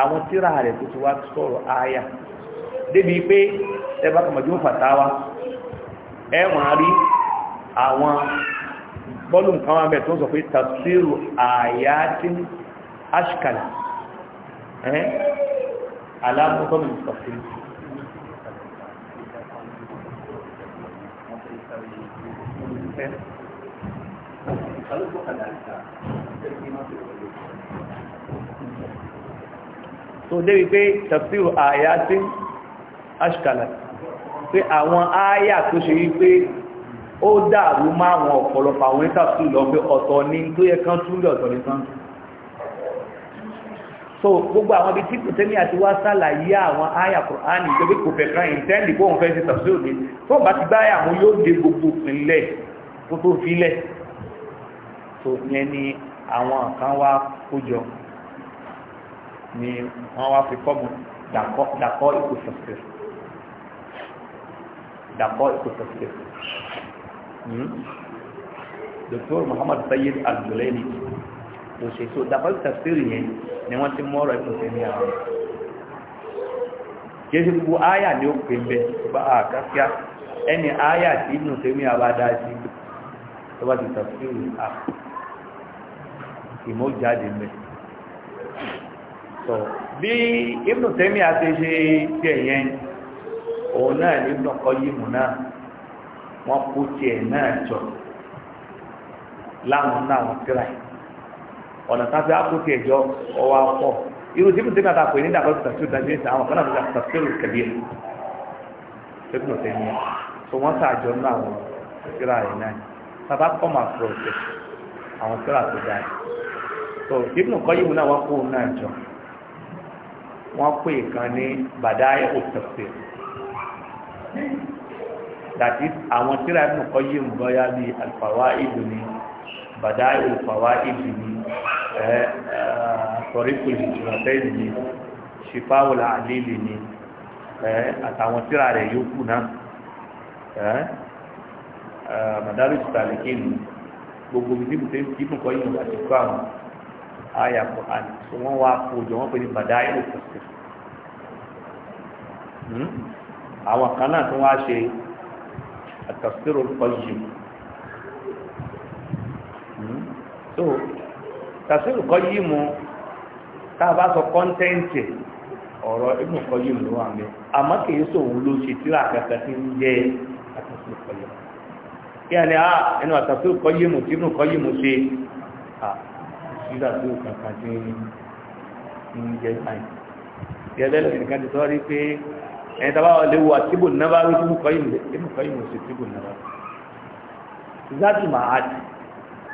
àwọn tíra rẹ̀ tó ti wá sọ̀rọ̀ áyà débi pé ẹbá kọmọ̀jú fàtàwà ẹwọ̀n rí àwọn bọ́ọ̀lù nǹkan wọn bẹ̀ tó ń sọ pé tafsiru ayatin ashkala alámọ́tọ́mù tafsiru so débi pé tafsiru ayatin ashkala pé àwọn ááyà tó ṣe wípé ó dàrú máwọn ọ̀pọ̀lọpọ̀ àwọn ìtàkùn lọ pé ọ̀tọ̀ ni tó yẹ kán túlẹ̀ ọ̀tọ̀ ni sáńtù so gbogbo àwọn ibi tí kò tẹ́lẹ̀ àti wá sàlàyé àwọn àyà kòránì tó bí kò fẹ̀kà ìtẹ́ndì kó òun fẹ́ sí tàbílò ní tó bá ti báyà mú yóò dé gbogbo ìpínlẹ̀ tó tó fílẹ̀ tó yẹn ni àwọn kan wá kójọ ni wọ́n wá fi kọ́mù dàkọ́ ìkòsọ̀sẹ̀ دقائق التفسير دكتور محمد سيد الجليلي ló ṣe tó dàbọ́lù tafsir yẹn ni wọ́n ti mọ́rọ̀ ẹ̀kùn tẹ̀mí àwọn kí é ṣe gbogbo áyà ní ó pè ah, mẹ́ bá àkáfíà ẹni áyà tí inú tẹ̀mí àbádá sí tó bá ti tafsir à ah, ìmọ̀ jáde mẹ́ sọ bí Ibn Taymiyyah àti ṣe tiẹ̀ yẹn òun náà ní lọ́kọ́ yìmù náà wọ́n kó tiẹ̀ náà jọ láwọn náà wọ́n kíra ẹ̀ ọ̀nà tá a fi kó tiẹ̀ jọ ọwọ́ akọ irú tí mo ti kàtà pé nígbà tó tàbí tàbí ẹ̀sẹ̀ àwọn kan náà fi kàtà tàbí ẹ̀ tẹ́kùnù tẹ́ni ẹ̀ so wọ́n sàjọ náà wọ́n kíra ẹ̀ náà sábà kọ́ máa fọ̀ ọ̀sẹ̀ àwọn kíra tó dáa so ìbùnú kọ́ yìmù náà wọ́n kó náà jọ wọ́n pè kan ní bàdáyé òtẹ̀fẹ̀ that is àwọn tíra Ibn Qayyim bọ́yá bí al-Fawaid ni Bada'i al-Fawaid ni Tariqu al-Hijratain ni Shifa'u al-A'lil ni àtàwọn tíra rẹ̀ yókù náà Madarij as-Salikin ni gbogbo ìdíbò tó ń kíkùn kọ́ yìí nígbà tó kọ́ àwọn àyà Qur'an so wọ́n wá kó jọ wọ́n pè ní Bada'i al-Fawaid àwọn kan náà tó wá ṣe àtàfírò kọyìm hmm? so tàfírò kọyìm tá a bá sọ kọ́ńtẹ́ǹtì ọ̀rọ̀ ibùn kọyìm ló wà mí àmọ́ kì í sòun ló ṣe tíra kẹta tí ń jẹ́ àtàfírò kọyìm kí ẹni á ah, ẹnu àtàfírò kọyìm tí ibùn kọyìm ṣe à sídà tí ó kàkà tí ń jẹ́ báyìí. Gẹ́gẹ́ lẹ́yìn kan ti sọ rí pé ẹni tàbá wà lè wà tíbò náà rí fún kọ́yìnbó inú kọ́yìnbó sí tíbò náà rí zati mahad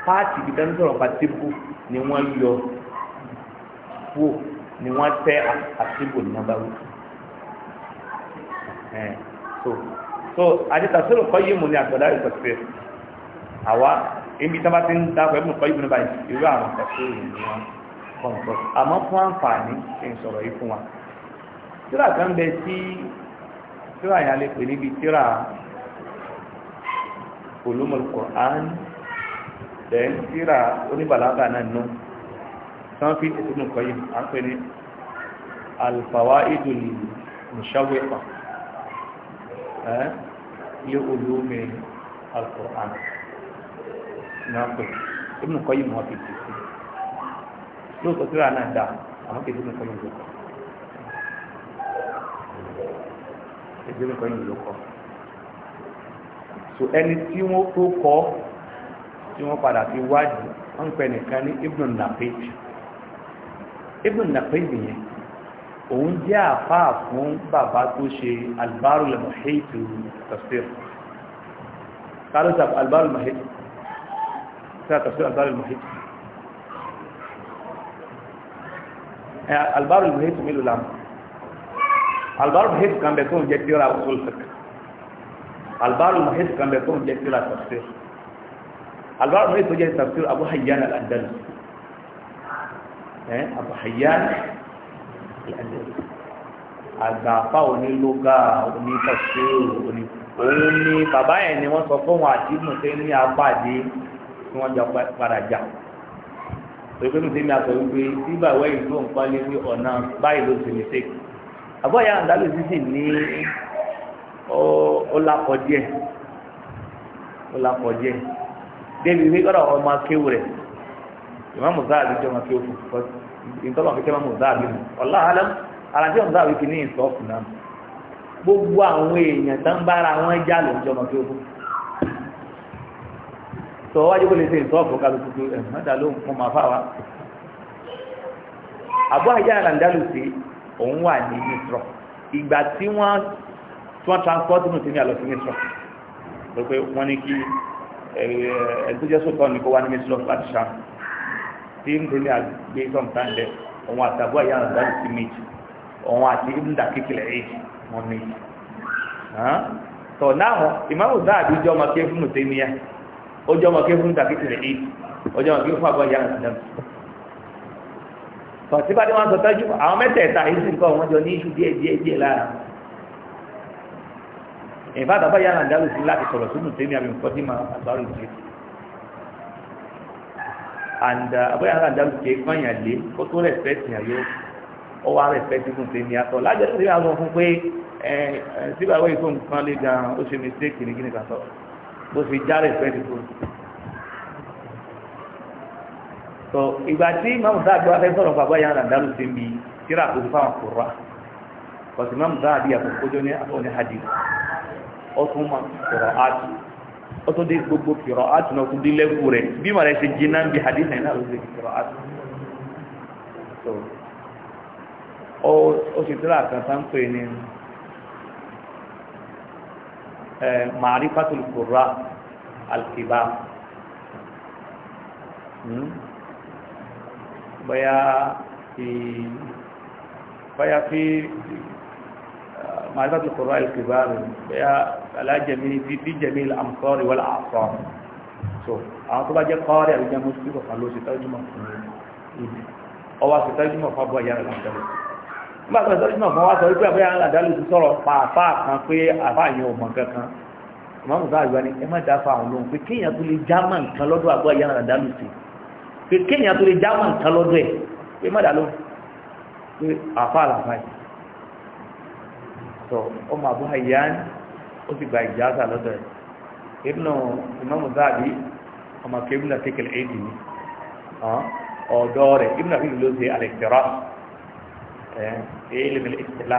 páàtì ìgbìtá ní sọ̀rọ̀ pàtíbù ni wọ́n yọ fò ni wọ́n tẹ́ àtíbò náà rí ẹ̀ so so àdìtàsọ́rọ̀ kọ́yìnbó ni àgbàdá ìtọ̀sẹ̀ àwa ebi tí wọ́n bá ti ń dákọ̀ ẹ̀bùn kọ́yìnbó náà báyìí irú àwọn àtàkùn ìrìn ni wọ́n kọ́ nǹkan àmọ́ fún àǹfààní ṣe ń sọ̀rọ̀ yìí fún wa tíra kan bẹ tí tíra yà lè pè níbi tíra ulumul Qur'an bẹ́ẹ̀ tíra oníbàlágà náà nù tán fi ìtúnú kọyìn à ń pè ní al-fawaidul mushawiqa ẹ́ eh, li ulumi al-Qur'an náà pè ìtúnú kọyìn wọn fi tì sí lóòótọ́ tíra náà dà àwọn kìí ìtúnú kọyìn lóòótọ́. ẹgbẹ́ nǹkan yìí ló kọ́ so ẹni tí wọ́n tó kọ́ tí wọ́n padà fi wádìí wọ́n ń pẹ́ nìkan ní ibùdó nàpéjì ibùdó nàpéjì yẹn òun jẹ́ àfáà fún bàbá tó ṣe albáru lẹ́mọ̀hẹ́tù tafsir kálọ́ sàb albáru lẹ́mọ̀hẹ́tù tafsir albáru lẹ́mọ̀hẹ́tù albáru lẹ́mọ̀hẹ́tù mélòó lámù albaru muhit kan bẹ tó ń jẹ tíra usul fiqh albaru muhit kan bẹ tó ń jẹ tíra tafsir albaru muhit tó jẹ tafsir abu hayyan al-andalus ẹ abu hayyan al-andalus àgbàfà onílógà onítafsir oní òun ni bàbá yẹn ni wọ́n sọ fún wọn àti mùsẹ̀ ní abáàdé tí wọ́n jọ padà jà pẹ̀lú pé mùsẹ̀ mi àtọ̀ wípé bíbà ìwé ìlú nǹkan lé ní ọ̀nà báyìí àbọ̀yà Andalusi sì ní ó lápọ̀ díẹ̀ ó lápọ̀ díẹ̀ débi wí kọ́dọ̀ ọmọ akéwù rẹ̀ ìmáàmù záàbí jẹ́ ọmọ akéwù fún ìtọ́lọ̀ fi kẹ́mọ́ záàbí mu ọ̀la àlẹ́ àlàjì ọmọ záàbí kì ní ìsọ́ọ̀fù náà gbogbo àwọn èèyàn tó ń bára wọn já ló ń jẹ́ ọmọ akéwù fún tọ́ wájú kó lè ṣe ìsọ́ọ̀fù kálukú tó ẹ̀ ló ń fún ọmọ afáwa àbọ̀ àjẹ́ Andalusi òun wà ní misrọ ìgbà tí wọ́n tí wọ́n transport nù sí ní àlọ́ sí misrọ ló pé wọ́n ní kí ẹni tó jẹ́ sọ́tọ̀ ní kó wá ní misrọ láti ṣá tí ń gbóni àgbé sọ̀tàn dẹ òun àtàbọ̀ àyà àgbàdo sí méjì òun àti ibùdó kékeré èjì wọn méjì tọ̀ náà ìmáàmù dáàbí jọ ọmọ kí fún mùtẹ́míyà ó jọ ọmọ kí fún dàkékeré èjì ó jọ ọmọ kí fún àbọ̀ àyà àgbàdo tọ̀tí bá dé wọn sọ tọ́jú àwọn mẹ́tẹ̀ẹ̀ta yìí sì ń kọ́ wọn jọ ní iṣu díẹ̀ díẹ̀ díẹ̀ lára ìfá àtàbá yà náà dálù sí láti sọ̀rọ̀ sínú tèmi àmì nǹkan tí màá àtàrò ìṣe and àbúyà náà dálù sí kọ́nyà lé kó tó respect yàn yó ó wá respect fún tèmi àtọ̀ lájọ́ tó yà sọ fún pé síbà wọ́n ìfọ̀ nǹkan lé gan ó ṣe mistake nìkíni kà bó ṣe já respect fún So ìgbà tí mamu sáà gbọ́ afẹ́ sọ̀rọ̀ bàbá yẹn àdàlù sí mi kíra àkókò fáwọn kúrò kọ̀sì mamu sáà bí àkókòjọ ní àtọ̀ ní hadith ọtún ma kúrò àtù ọtún dé gbogbo kúrò àtù náà kún dílé kú rẹ̀ bí màrẹ̀ ṣe jiná bí hadith náà náà ló ṣe kúrò àtù ó ṣe tíra kan sáà ń pè ní màrífàtúlù kúrò alkibar hmm? bóyá fi ma'arifatu qurra al-kibar bóyá alájẹ̀mí bí jẹ̀mí al-amsari wal-a'sar so àwọn tó bá jẹ́ kọ́ọ̀rẹ́ àríjá mọ́sí kọ̀kan ló ṣe tọ́júmọ̀ fún ìbí ọwá ṣe tọ́júmọ̀ fún abúwà yára làdálù nígbà tó ṣe tọ́júmọ̀ fún wa sọ wípé àbúyá làdálù ti sọ̀rọ̀ pa àfá kan pé àfá yẹn àgbà ni ẹ má àwọn lóhun pé kéèyàn tó lè já mọ̀ nǹkan lọ́dọ̀ àbúwà yára làdálù pé kéèyàn tó lè jámọ̀ nǹkan lọ́dọ̀ ẹ̀ pé mọ́dà ló pé àfa àlàfà yìí sọ ọmọ àbú hayyan ó sì gba ìjáàsà lọ́dọ̀ ẹ̀ ibnu imamu zabi ọmọ kébùnà kékeré èdè ni ọ̀dọ́ rẹ̀ ibnu àfi ló ṣe alẹ́kẹ̀rọ ilé ilé ìtìlá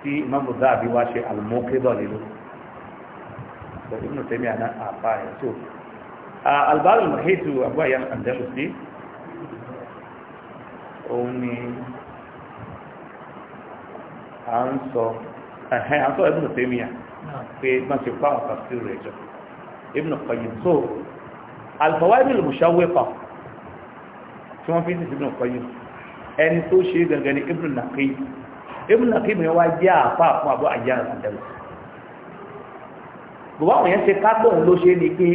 tí imamu zabi wá ṣe àlùmọ́kédọ̀ lélọ́ ibnu tẹ́mi àná àfa ẹ̀ tó albáàrùn mahitu àbúwáyá àndẹ́lùsí òun ni à ń sọ ẹ̀hẹ́ à ń sọ Ibn Taymiyyah pé má ṣe pa ọ̀pá sí rẹ̀ Ibn Qayyim so al-fawaid al-mushawwiqa tí wọ́n fi ń sìn Ibn Qayyim ẹni tó ṣe gangan ni Ibn Naqi Ibn Naqi mi wá jẹ́ àpá fún àbúwáyá àndẹ́lùsí gbogbo àwọn yẹn ṣe ká ló ṣe ni pé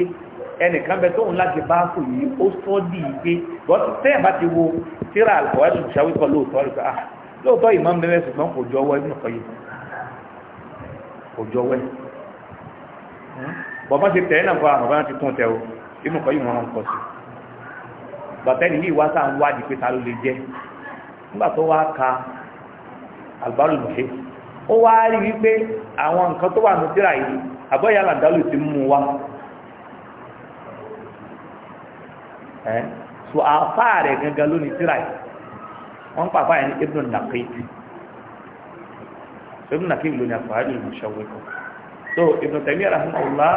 ẹnìkan bẹ tóun láti bá kù yìí ó sọ́ọ́dì gbé bọ́tù tẹ́yà bá ti wo tíra àlùkọ́wá tó ṣàwí kọ́ lóòótọ́ rẹ̀ pé ah lóòótọ́ ìmọ̀ ń bẹ́rẹ̀ ṣùgbọ́n kò jọ wẹ́ nìkan yìí kò jọ wẹ́ hmm? bọ̀bọ́n ti tẹ̀ náà fọ àwọn bá ti tún tẹ o inú kan yìí wọ́n ń kọ sí bàtẹ́ni yìí wá sáà ń wádìí pé ta ló lè jẹ́ nígbà tó wá ka àlùbárò lòṣè ó wá rí wípé àwọn nǹkan tó wà ní tíra yìí àbọ̀yà làdálù ti mú wa ẹ́ eh? so àfa rẹ̀ gangan lónìí tíra yìí wọ́n pàpà yẹn ní ibùdó nàkè ibùdó nàkè ló ní àfàájú ìmọ̀ṣẹ́wé kan so ibùdó tẹ̀mí àràhùnmáwòlá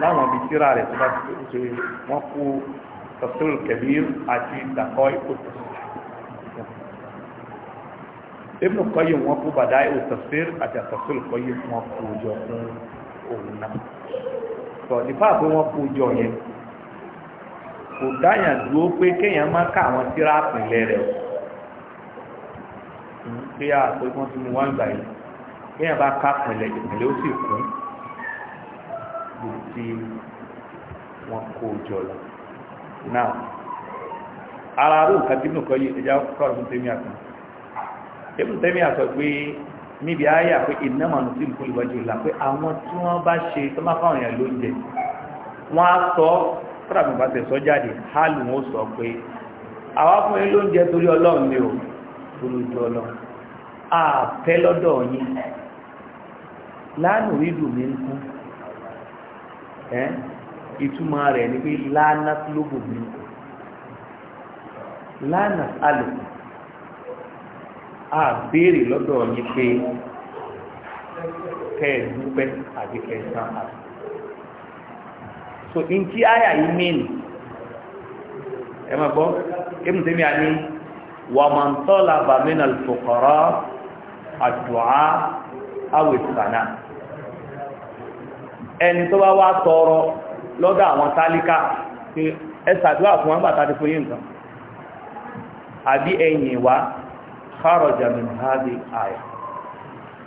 láwọn ibi tíra rẹ̀ tó bá ti ṣe wọ́n kú tafsir kabir àti ìdàkọ́ ìkòtò ibùdó kọ́yìn wọ́n kú bàdá ìwò tafsir àti tafsir kọ́yìn wọ́n kú jọ fún òun náà so nípa àpé wọ́n kú jọ yẹn kò dáyàn dúró pé kéèyàn má ká àwọn tíráàpù ilẹ̀ rẹ̀ o pé a pé wọ́n ti mú wọ́n gbà yìí kéèyàn bá ká pìnlẹ̀ ìpìnlẹ̀ ó sì kún ju tí wọ́n kó jọ lọ náà ara ró nǹkan tí nǹkan yìí ẹja kọ́ ọdún tẹ́mi àtọ́ tẹ́mi tẹ́mi àtọ́ pé níbi ayé àpé iná màánù tí nǹkan ìwájú ìlà pé àwọn tí wọ́n bá ṣe tó má fáwọn èèyàn lóúnjẹ wọ́n á sọ kọ́dà bí bá ti sọ jáde hálù wọn sọ pé àwa fún yín lóúnjẹ torí ọlọ́run ni o olùjọ ọlọ́run àfẹ́ lọ́dọ̀ yín lánàá ìdùn mi ń kú ìtumọ̀ rẹ̀ ni pé lánàá lóbò mi ń kú lánàá alò àbèrè lọ́dọ̀ yín pé kẹ́ẹ̀dúpẹ́ àbí kẹ́ẹ̀sán àti so in tí àyà yìí mìíní ẹ máa gbọ́ ibùn tẹ́mi àní wà máa ń tọ́lá bàmínà fòkọ̀rọ̀ àdùá àwòsànà ẹni tó bá wá tọrọ lọ́dọ̀ àwọn tálíkà pé ẹ ṣàdúrà fún wọn bàtà ti fún yín nǹkan àbí ẹ̀yìn wá kharaja min hadi àyà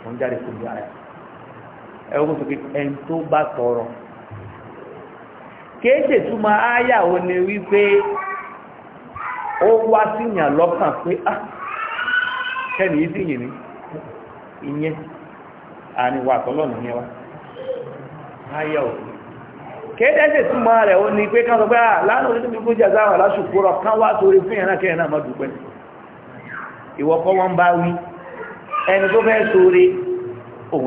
òun jáde fún bí àyà ẹ wọ́n tó bá tọrọ kéèké túmọ̀ áyà ò ní wípé ó wá síyàn lọ́kàn pé á ah, kẹ́ni yìí sì yìnyín àníwà tọ́lọ́nù yẹn na áyà ò kéèké sì rẹ̀ ó ní pé káwọn pé á ah, lánàá orí níbi kó jàzá wà láṣùkúrọ̀ kán wá sórí fún yàrá kẹ́yìn náà wọn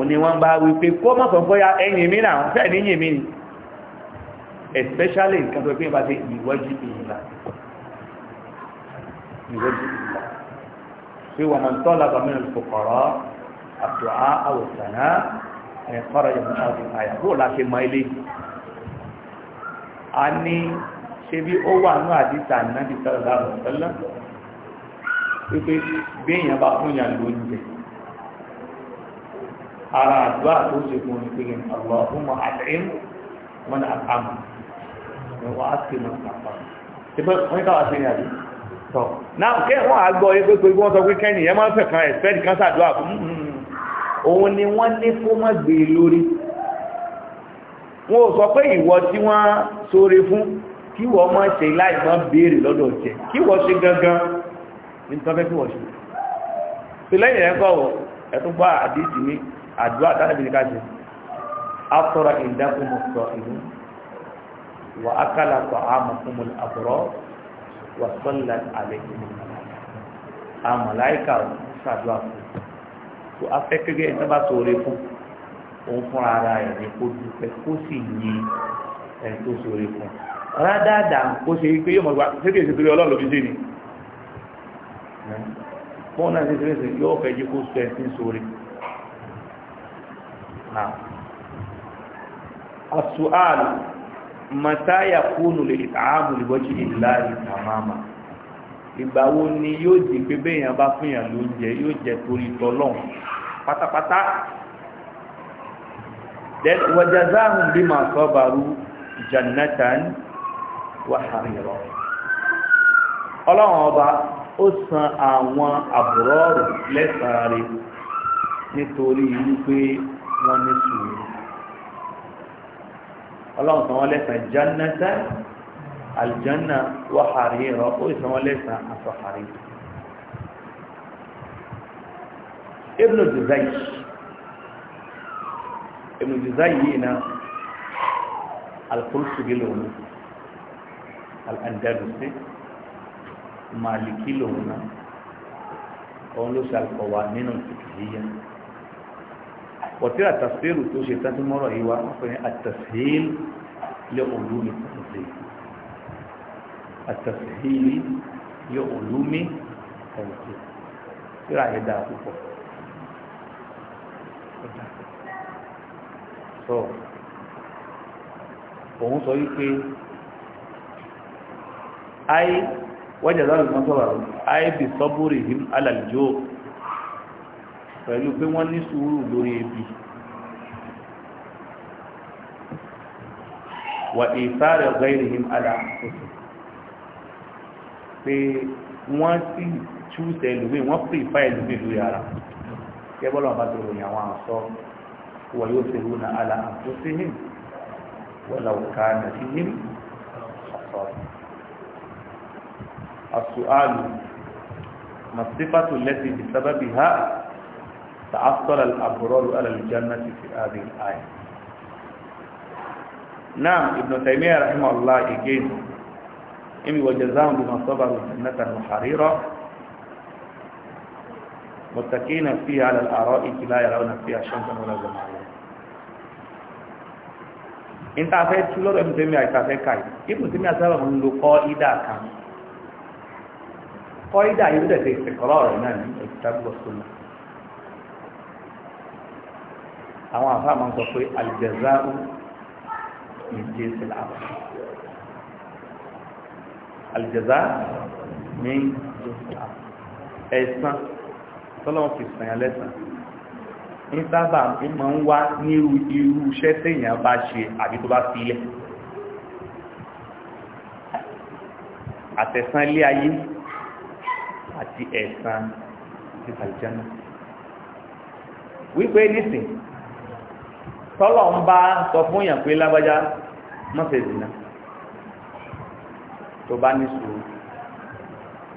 wọ́n bá wí especially nǹkan tó pín ìbáṣe ìwọ́jú ìlà ìwọ́jú ìlà pé wọ́n máa ń tọ́lá bàmí ìfòkọ̀rọ̀ àdúrà àwòsànà ẹ̀kọ́rọ̀ yẹn náà ti àyà bó la ṣe mọ ilé a ní ṣe bí ó wà ní àdìsá náàbì sọ́rọ̀ láàrùn tọ́lá wípé bí èèyàn bá fún yàn lóúnjẹ ara àdúrà tó ṣe fún ní pé ọlọ́ọ̀fún mọ́ àtẹ́yìn mọ́nà àpamọ́ wà á ti mọ̀ ṣùgbọ́n wọ́n káwà sí ní àbí tọ́ náà kẹ́ wọ́n á gbọ́ ẹgbẹ́ pé wọ́n sọ pé kẹ́ni ẹ máa ń fẹ̀kan ẹ̀sẹ́ẹ̀dì kan ṣàdúrà òun ni wọ́n ní kó má gbé lórí wọn ò sọ pé ìwọ tí wọ́n sóre fún kí wọ́n máa ṣe láì máa béèrè lọ́dọ̀ jẹ kí wọ́n ṣe gangan ní tọ́fẹ́ kí wọ́n ṣe after ìdákùnmọ̀ sọ ìlú وأكل طعامكم الأبرار وصلت عليكم الملائكة الملائكة ṣàdúrà fún tó afẹ́kẹ́gẹ́ ẹni tó bá sóore fún òun fúnra ara ẹ̀ ní kó dúpẹ́ kó sì yin ẹni tó sóore fún rádàdà kó ṣe wípé yóò mọ̀ gbà sékè ìṣètòrí ọlọ́run ló fi dé ni bọ́ọ̀ náà ṣe ṣe yóò fẹ́ jí kó sọ ẹ̀ sí sóore àtúwàlù mata yakunu lè ìtààmù lìwọ́jì ìlà ìtàmàmà ìgbà wo ni yóò di pé béèyàn bá fún yàn lóúnjẹ yóò jẹ torí tọlọ́n pátápátá then wajazahum bima sabaru jannatan wa harira ọlọ́run ọba ó san àwọn àbúrọ́ọ̀rù lẹ́sàn nítorí wípé wọ́n ní ọlọ́run sọ wọn lẹ́sàn jannata aljanna wa harira ó sì sọ wọn lẹ́sàn aṣọ harira ibnu juzai ibnu juzai yìí na alkulusugi lòun al'andalusi maliki lòun na òun ló ṣe alkọwa nínú ìkìlíyà ọ̀tíra tàṣírù tó ṣe tán tí mọ́rọ̀ yìí wá wọ́n pè ní àtàṣíl lé olúmi tàṣíl àtàṣíl lé olúmi tàṣíl tíra yẹn dáa púpọ̀ so òun sọ wípé ai wájà záàlù kan sọ̀rọ̀ ai bí sọ́búrì alàlùjọ́ pẹ̀lú pé wọ́n ní sùúrù lórí ebi wà ìsáàrẹ̀ ọ̀gá ìrìhìm aláàkóso pé wọ́n sì chúùsẹ̀ ẹlòmíì wọ́n pèfà ẹlòmíì lórí ara kẹ́bọ́lọ́ bá tó ròyìn àwọn àṣọ wà yóò ṣe rúnà aláàkóso hìm wọ́n làwùká nà sí hìm àṣọ àṣọ àlù màsífàtò lẹ́sìn ìsábàbí ha تعطل الأبرار على الجنة في هذه الآية نعم ابن تيمية رحمه الله إجين إمي وجزاهم بما صبروا جنة وحريرا متكئين فيها على الأرائك لا يرون فيها شمسا ولا زمهريرا n ta fẹ́ tú lọ́dọ̀ ibùdó mi àìta fẹ́ káyì ibùdó mi àtàwọn ọmọ ló kọ́ ìdá kan kọ́ ìdá yìí àwọn àfáà máa ń sọ pé alìjẹ̀záàrù ìjẹ́ síláàbù alìjẹ̀zá ní ẹ̀sán tọ́lọ́wọ́ fi sànyà lẹ́sàn ní sábà ma ń wá ní irú iṣẹ́ tèèyàn bá ṣe àbí tó bá sílẹ̀ àtẹ̀sán ilé ayé àti ẹ̀sán ti àlìjẹ́nà wípé nísìn tọ́lọ̀ ń bá sọ fún yàn pé lágbájá mọ́sẹ̀ ìdìnnà tó bá ní sùúrù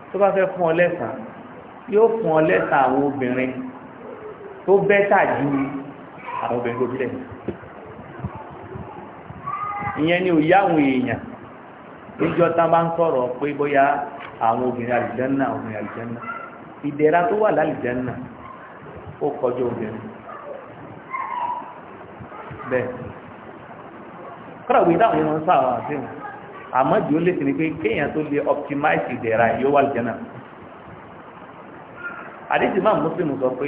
tó bá fẹ́ fún ọ lẹ́sàn yóò fún ọ lẹ́sàn àwọn obìnrin tó bẹ́tà ju àwọn obìnrin tó bílẹ̀ ìyẹn ni òye àwọn èèyàn níjọ tán bá ń sọ̀rọ̀ pé bóyá àwọn obìnrin àlìjẹ́nà obìnrin àlìjẹ́nà ìdẹ̀ra tó wà lálìjẹ́nà ó kọjú obìnrin bẹ́ẹ̀ kọ́ra òwe dáhùn yẹn wọ́n sá àwọn àti wọn àmọ́ jù ó lè sinmi pé kéèyàn tó lè optimize ìdẹ̀ra yóò wà lìjẹ́ náà àdéhùn máa mùsùlùmù sọ pé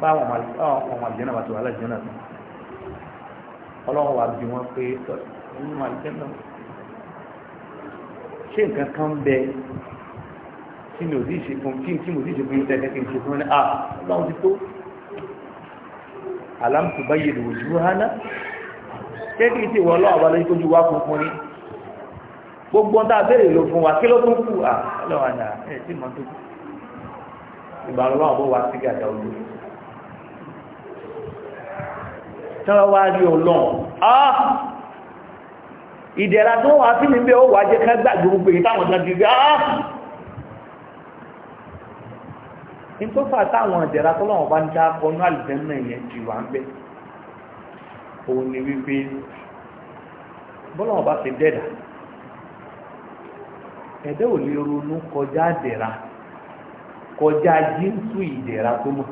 báwọn ọmọ àlìjẹ́ náà wà tó wà lìjẹ́ náà ọlọ́run wà bí wọ́n pé ọmọ àlìjẹ́ náà ṣé nǹkan kan bẹ tí mi ò ṣe fún kí n tí ṣe fún yín tẹ́tẹ́ fún yín à ah, ọlọ́run ti tó alam tubayyid wujuhana kéèkì tí ìwọ ọlọ́wọ́ bá lójú kojú wá funfun ni gbogbo ń tá a béèrè ló fún wa kí ló tún kù à ọlọ́wọ́ àná ẹ̀ tí mọ́ tó kù ìgbà ọlọ́wọ́ bó wa sí gàdá ojú tọ́wọ́ wá sí nítorí àtàwọn ìdẹ̀ra tọ́lọ́wọ́n bá ń dá ọnú àlùjẹ́nà yẹn jù wá ń bẹ́ òun ni wípé bọ́lọ́wọ́n bá ti dẹ́dà ẹ̀dẹ́ ò lè ronú kọjá ìdẹ̀ra kọjá jíǹsù ìdẹ̀ra tó mọ̀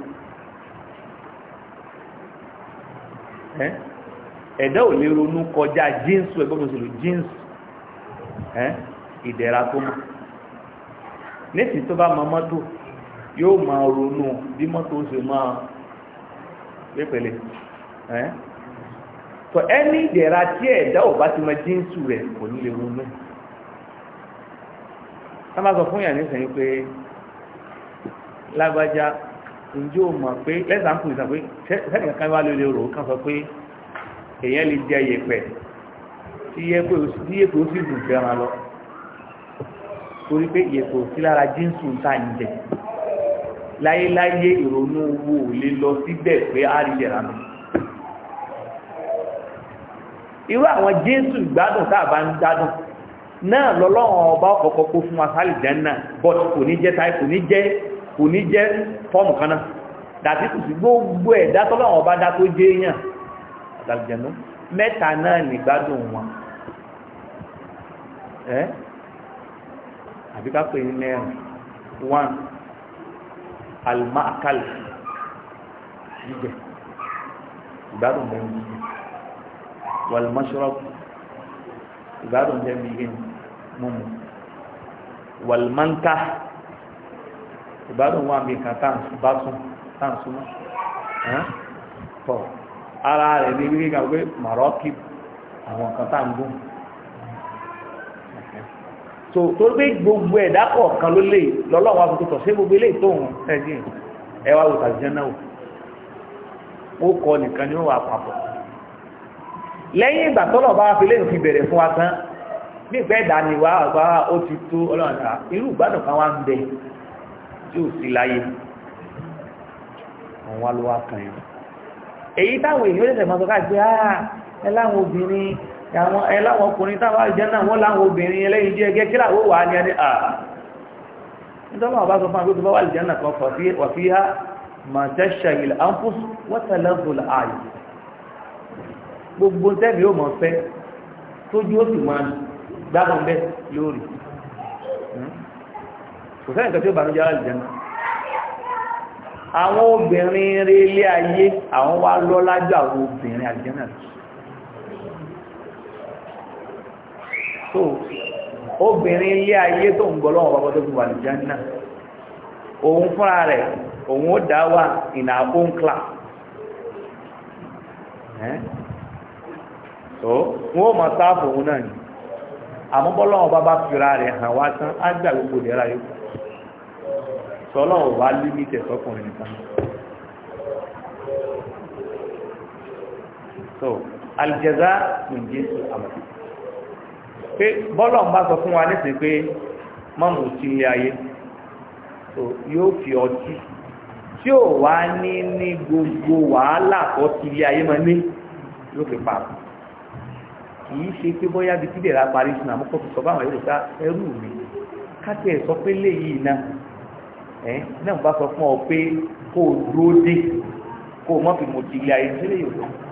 ẹ̀dẹ́ ò lè ronú kọjá jíǹsù ẹgbẹ́ mi tó mọ̀ nísìsiyìí tó bá yóò máa ronú bí mọ́tò ṣe máa lépẹ̀lẹ̀ ẹni ìdẹ̀ra tí ẹ̀dá ò bá ti rẹ̀ kò ní lè ronú sábà sọ fún nísìnyí pé lágbájá ò mọ̀ pé pé lórí sọ pé èèyàn lè tí sì dùn fẹ́ràn lọ torí pé lára jíǹsù ń láyéláyé ìrònú owó ò lè lọ síbẹ̀ pé a rí yẹ̀rà nù irú àwọn jésù ìgbádùn tá a bá ń gbádùn náà lọ́lọ́run ọba ọ̀kọ̀ọ̀kọ̀ kó fún wa sálì jẹ́nà but kò ní jẹ́ táì kò ní jẹ́ kò ní jẹ́ fọ́ọ̀mù kan náà dàbí kò sí gbogbo ẹ̀dá tọ́lọ́run ọba dá tó jẹ́ èèyàn àtàlùjẹ̀nú mẹ́ta náà nìgbádùn wọn ẹ́ àbíká pé ní mẹ́rin one almakal jíjẹ ìgbádùn bẹ́ẹ̀ ní jíjẹ walmashrab ìgbádùn bẹ́ẹ̀ ní jíjẹ mímu walmanta ìgbádùn wà bí nǹkan bá sún tán súnmọ́ ara rẹ̀ ní wíwí kan pé marokib àwọn nǹkan tá gùn so tó gbé gbogbo ẹ̀dá kọ̀ọ̀kan ló lè lọ́lọ́wọ́ àbùkùtọ̀ sí gbogbo ilé ìtòhun ẹ̀dín ẹwà wò tàbí jẹ́nà wò ó kọ nìkan ni ó wà papọ̀ lẹ́yìn ìgbà tọ́lọ̀ bá fi lẹ́yìn fi bẹ̀rẹ̀ fún wa tán ní ìfẹ́ ìdáni wa àgbà ó ti tó ọlọ́run ta irú ìgbádùn kan wá ń bẹ tí ò sí láyé àwọn wa ló wá kàn yín èyí táwọn èèyàn lè tẹ̀ máa káàkiri ẹ láwọn obìnrin àwọn ẹláwọn ọkùnrin táwọn àjẹ́nà wọ́n láwọn obìnrin ẹlẹ́yìn jẹ́ gẹ́ kí láwọ́ wà ní ẹni àà nítorí àwọn bá sọ fún àgbẹ́gbẹ́ wà àjẹ́nà kan wà fi ha ma tẹ́ṣà ilẹ̀ anfus wọ́tẹ̀lẹ́gbọ̀lá ààyè gbogbo tẹ́bí ó mọ̀ fẹ́ tójú ó sì máa gbábọn bẹ́ lórí kò sẹ́yìn kan tí ó bànújẹ́ ara obìnrin ilé ayé tó ń gbọ́lọ́ ọ̀pọ̀ tó fi wà ní jẹ́nà òun fúnra rẹ̀ òun ó dá wà in her own so wọ́n ó mọ̀ sáàfù òun náà ni àmúbọ́lọ́ ọba bá fira rẹ̀ hàn wá tán á gbà gbogbo ìdẹ́ra yóò sọlọ́ ọba límítẹ̀ sọkùnrin nìkan so aljaza min jinsi amali pé bọ́lọ̀ ń bá sọ fún wa nísìnyí pé mọ́mù ti ilé ayé tó yóò fi ọtí tí ò wá ní ní gbogbo wàhálà kọ́ ti ilé ayé máa ní yóò fi pa kì í ṣe pé bóyá bíi tílẹ̀ ra parí sinà mọ́kọ́ tó sọ báwọn yóò sá ẹrú mi káti ẹ̀ sọ pé léyìí náà ẹ̀ náà bá sọ fún ọ pé kó o dúró dé kó o mọ́ fi mọ̀ ti ilé ayé sílẹ̀ yòókù.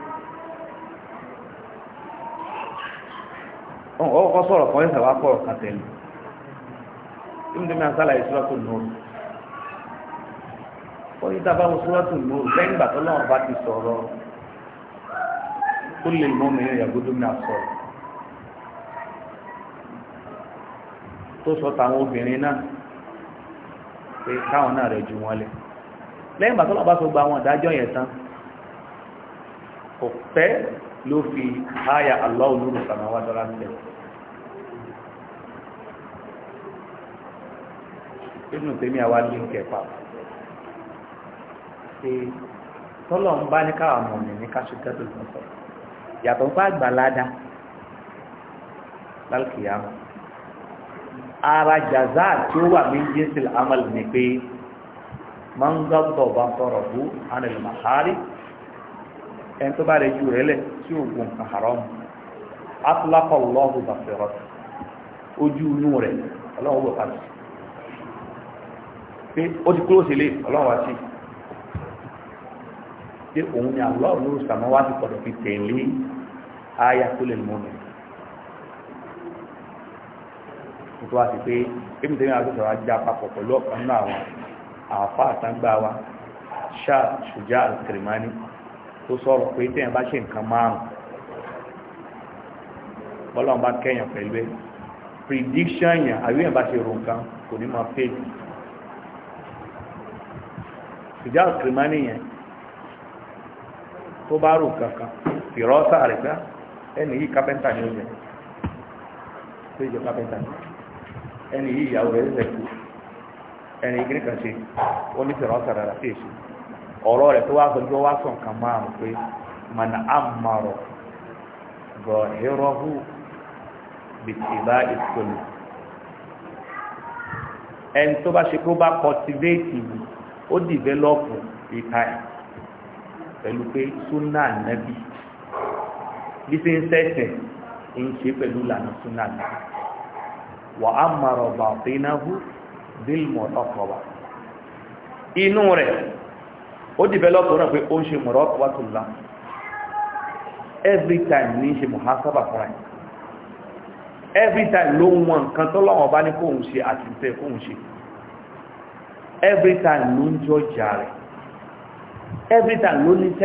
ọkọ sọ̀rọ̀ kan ẹsẹ wa kọrọ kan tẹ́lẹ̀ ibi tó mi à ń sálàyé sọ́tò nùrù wọ́n yìí dábàá wọn sọ́tò nùrù lẹ́yìn ìgbà tó lọ́wọ́ bá ti sọ̀rọ̀ tó lè mọ́ mi ìyàgò tó mi à sọ̀rọ̀ tó sọ táwọn obìnrin náà pé káwọn náà rẹ̀ ju wọn lẹ̀ lẹ́yìn ìgbà tó lọ́wọ́ bá sọ gba àwọn ìdájọ́ yẹn tán kò pẹ́ ló fi háyà aláwọ̀ lórí sàmáwá dọ́là tẹ̀lé. ibùdó tèmi àwa lè ń kẹfà ṣe tọ́lọ̀ ń bá ní káwà mọ̀ ní ní káṣí gẹ́tò ló sọ yàtọ̀ ń bá gbà ara jàzá tí ó wà méjì sí ni pé máa ń gbọ́dọ̀ bá sọ̀rọ̀ bú anil mahari ẹni tó bá rẹ̀ ju rẹ̀ lẹ̀ tí ó gun àhàrọ̀ mu atúlákọ̀ lọ́ọ̀bù bàfẹ́rọ̀ ojú inú rẹ̀ ọlọ́run wò pàtó pé ó ti kúrò sílé ọlọ́run wá sí pé òun ni àlọ́ ló sàmọ́ wá sí pọ̀dọ̀ fi tẹ̀lé aya tó lè mọ́nà nítorí wá sí pé ebi tẹ̀lé àwọn akẹ́kọ̀ọ́ ajá papọ̀ pẹ̀lú ọ̀kan nínú àwọn àfa àtàgbà wa Shah Shuja al-Kirmani tó sọ̀rọ̀ pé tẹ̀yìn bá ṣe nǹkan márùn-ún bọ́lá wọn bá kẹ́yàn pẹ̀lú ẹ̀ prediction yàn àríyàn bá ṣe ro nǹkan kò ní máa fẹ́ẹ̀lì ìjà òkèrémá nìyẹn tó bá rò kankan fìrọ́ sáré gbá ẹni yìí kápẹ́ntà ni ó jẹ tó ìjọ kápẹ́ntà ni ẹni yìí ìyàwó rẹ̀ ṣẹ̀ kú ẹni yìí kìnnìkan ṣe ó ní fìrọ́ sáré rà sí èṣù ọ̀rọ̀ rẹ̀ tó wá sọ bí wọ́n wá sọ nǹkan márùn pé mànà àmàrọ̀ zọ̀hírọ́hù bìtìbá ìsòlù ẹni tó bá ṣe kó bá cultivate ìlú ó dìvẹ́lọ́pù ìka ẹ̀ pẹ̀lú pé súnà nẹ́bí bí ṣe ń sẹ́sẹ̀ ń ṣe pẹ̀lú ìlànà súnà nẹ́bí wà á mọ̀rọ̀ bàtínáhù bílmọ̀ ọkọ̀wà inú rẹ̀ ó dìvẹ́lọ́pù náà pé ó ń ṣe mọ̀rọ̀ ọkọ̀wà tó lá every time ní ṣe mọ̀hásábà fún ẹ̀ every time ló ń wọn nǹkan tó lọ́wọ́ bá ní kóhun ṣe àtìsẹ́ kóhun ṣe every time ló ń jọ ìjà rẹ̀ every time ló ní o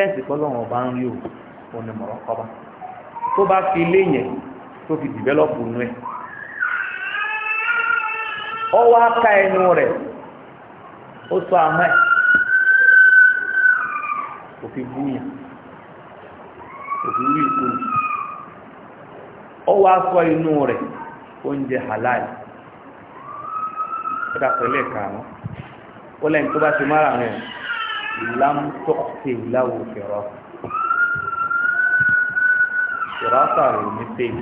kọ́ba tó bá fi ilé yẹn tó fi dìbẹ́lọ́pù nú ẹ̀ ọwọ́ aka ẹnu rẹ̀ ó sọ àmọ́ ẹ̀ kò fi bú yàn kò fi ikú afọ inú rẹ̀ oúnjẹ halal ó ó lẹ́yìn tó bá ṣe mára rẹ̀ lámtọ́ọ̀tì láwo fẹ̀rọ fẹ̀rọ sàrò ní sèyí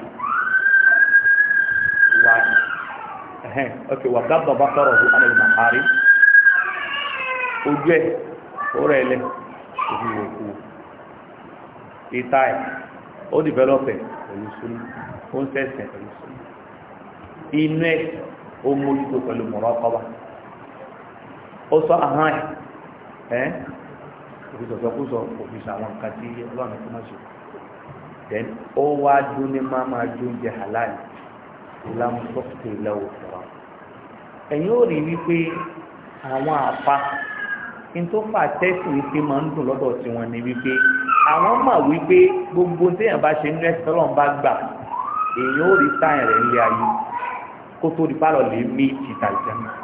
wà ẹ̀hẹ́n ọ̀kẹ́ wà gábọ̀ bá sọ̀rọ̀ ọ̀hún alẹ́ màhárí ojú ẹ̀ ó rẹ̀ lẹ̀ òfin òkú ìta ẹ̀ ó dìbẹ́lọ́pẹ̀ pẹ̀lú sunu ó ń sẹ̀sẹ̀ pẹ̀lú sunu inú ẹ̀ ó mójútó pẹ̀lú mọ̀rọ́kọ́bá ó sọ àhán ẹ̀ ẹ́ òfìsọ̀sọ̀kúsọ òfìsọ̀ àwọn nǹkan tí ọlọ́run tó máa ṣe then ó wá dún ní máa máa dún jẹ halal ìlànà sọ́kùtì ìlọ́wọ́ sọ̀rọ̀ ẹ̀yin ó rí wípé àwọn àpá ntòfà tẹ́sì wípé máa ń dùn lọ́dọ̀ tiwọn ni wípé àwọn mà wípé gbogbo téèyàn bá ṣe ń rẹ́ sọ́lọ́n bá gbà èèyàn ó rí sáyẹn rẹ̀ ń lé ayé kó tó di pálọ̀ lè mí ìtàjẹ́ náà.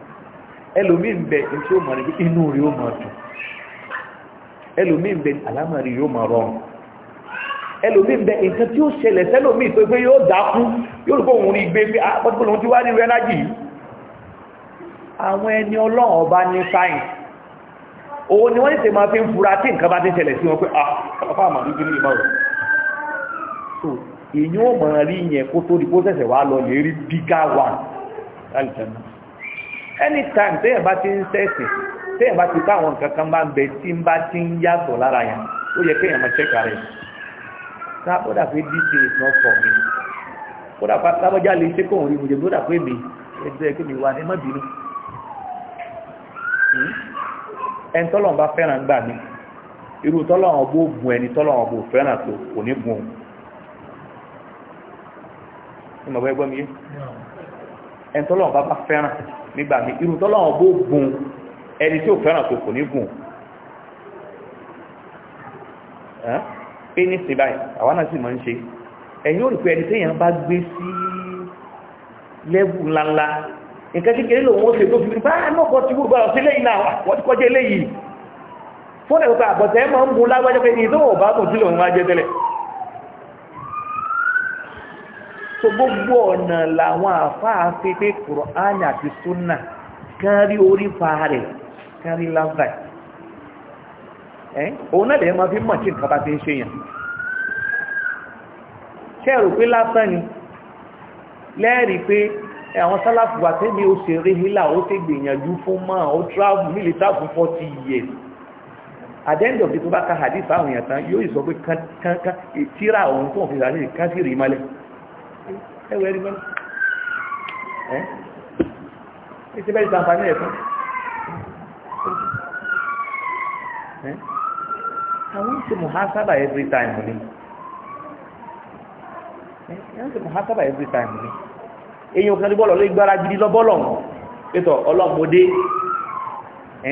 ẹlòmíì mbẹ bẹ tí ó mọ̀ ní inú rí ó mọ̀ dùn ẹlòmíì ń bẹ àlámọ̀rí yóò mọ̀ rọrùn ẹlòmíì tí ó yóò dákú ah, ti wá àwọn ẹni ọlọ́run ọba ní sáyẹ̀nsì òun ni wọ́n ní máa fi ń fura tí nǹkan bá ti ṣẹlẹ̀ sí wọn pé ah ọ̀pá àmà dúdú ní so èyí ó mọ̀ rí yẹn kó tó di kó anytime tẹ́yẹ̀ bá ti ń sẹ́sìn tẹ́yẹ̀ bá ti bá àwọn nǹkan kan bá ń bẹ tí ń bá ti ń yàtọ̀ lára yẹn ó yẹ kéèyàn máa ṣẹ́ka rẹ̀ ká bọ́dà pé this is not for me bọ́dà pé lábọ́já lè ṣe kóhùn rí mo jẹ bọ́dà pé mi ẹgbẹ́ kí mi wà ní má bínú hmm? ẹni tọ́lọ̀ bá fẹ́ràn gbà mí irú tọ́lọ̀ ọ̀bọ̀ ògùn ẹni tọ́lọ̀ ọ̀bọ̀ fẹ́ràn tó kò ní gùn ẹni tọ́lọ̀ bá bá fẹ́ràn nígbà mi irun tọ́lọ́wọ́n bó gun ẹni tí ò fẹ́ràn tó kò ní gùn pé ní sí báyìí àwọn náà sì máa ń ṣe ẹ̀yìn òrùkú ẹni tí èèyàn bá gbé sí lẹ́bù ńláńlá nǹkan kékeré lòun ó ṣe tó fi rí bá mọ́kọ tí gbogbo ọ̀rọ̀ sí lẹ́yìn náà wọ́n ti kọjá eléyìí fún ẹ̀rọ pé àbọ̀tẹ́ máa ń mú lágbájọ́ pé ní ìdánwò bá kùn sí lòun wá jẹ́ tẹ́lẹ̀ so gbogbo ọ̀nà làwọn àfáà fi pé kùrọ̀ánì àti súnà kan rí orí fa rẹ̀ kan rí lábàá ẹ̀ òun náà lẹ́yìn máa fi mọ̀ tí nǹkan bá fi ń ṣe yàn kẹ́rù pé lásán ni lẹ́ẹ̀rí pé àwọn sálàfù àtẹ́mi ó ṣe rí hílà ó ti gbìyànjú fún máa ó travel mílítà fún forty years at the tó bá ka hadith àwọn èèyàn tán yóò sọ pé kán kán kán òun tó ń fi sàlẹ̀ kán sì rí mọ́lẹ̀ ẹwẹ́ rí mẹ́lẹ̀ ẹ́ ètí bẹ́ẹ̀ ìsànfàní ẹ̀fọ́ ẹ́ àwọn ìṣe muhasaba every time ni ẹ́ ìṣe muhasaba every time ni èyàn kan ní bọ́ọ̀lù ọlọ́ ìgbára gidi lọ bọ́ọ̀lù ọ̀hún pétọ̀ ọlọ́mọdé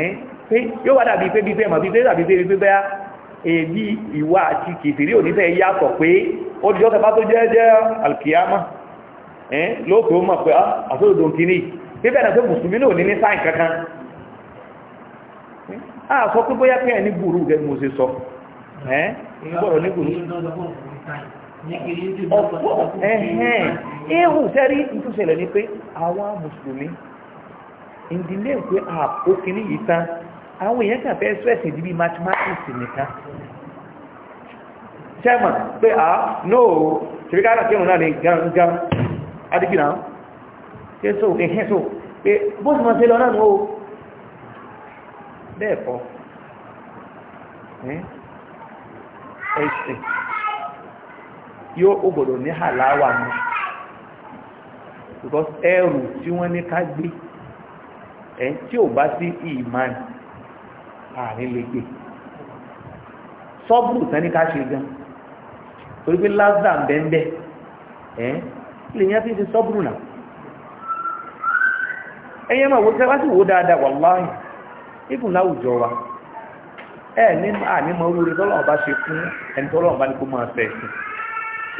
ẹ́ pé yóò wá dàbí pé bí pé màbí pé dàbí pé bí pé bẹ́ẹ̀ èyí ìwà àti kìtìrí ònífẹ́ yàtọ̀ pé ó di ọkọ̀ tó jẹ́ jẹ́ alkiyama lóòkè ó mọ̀ pé ah, àtòdò kìíní bíbẹ̀ náà mùsùlùmí náà ní ní sáìn kankan a sọ pé bóyá pé ẹni gbùrú gẹ́gẹ́ mo ṣe sọ gbọ́dọ̀ ní gbùrú ọ̀pọ̀ ẹ̀hẹ́n ihu sẹ́rí ìtúsẹ̀lẹ̀ ni pé àwọn mùsùlùmí ìdílé pé àpò yìí tán àwọn èèyàn kàn fẹ́ stress ìdí bí mathematics nìkan sẹ́mọ̀ pé ah, no náà ní gangan adìgìnà késo késo pé bó sì máa ṣe lọ náà ní o bẹ́ẹ̀ kọ́ ẹ̀sìn yóò ó gbọ́dọ̀ ní àláwà ní because ẹrù tí wọ́n ní ká gbé ẹ̀ tí ò bá sí ìmáà àárín lè gbé sọ́bùrù tán ní ká ṣe gan torí lásdà bẹ́ẹ̀ bẹ́ẹ̀ lèyàn fi ṣe sọ́bùrù náà ẹyẹ máa wo tẹ́wá sí wo dáadáa wàláhì ìfún láwùjọ wa ẹ ní máa ní mọ orí tọ́lọ́wọ́n bá ṣe fún ẹni tọ́lọ́wọ́n bá ní kó máa sẹ̀sìn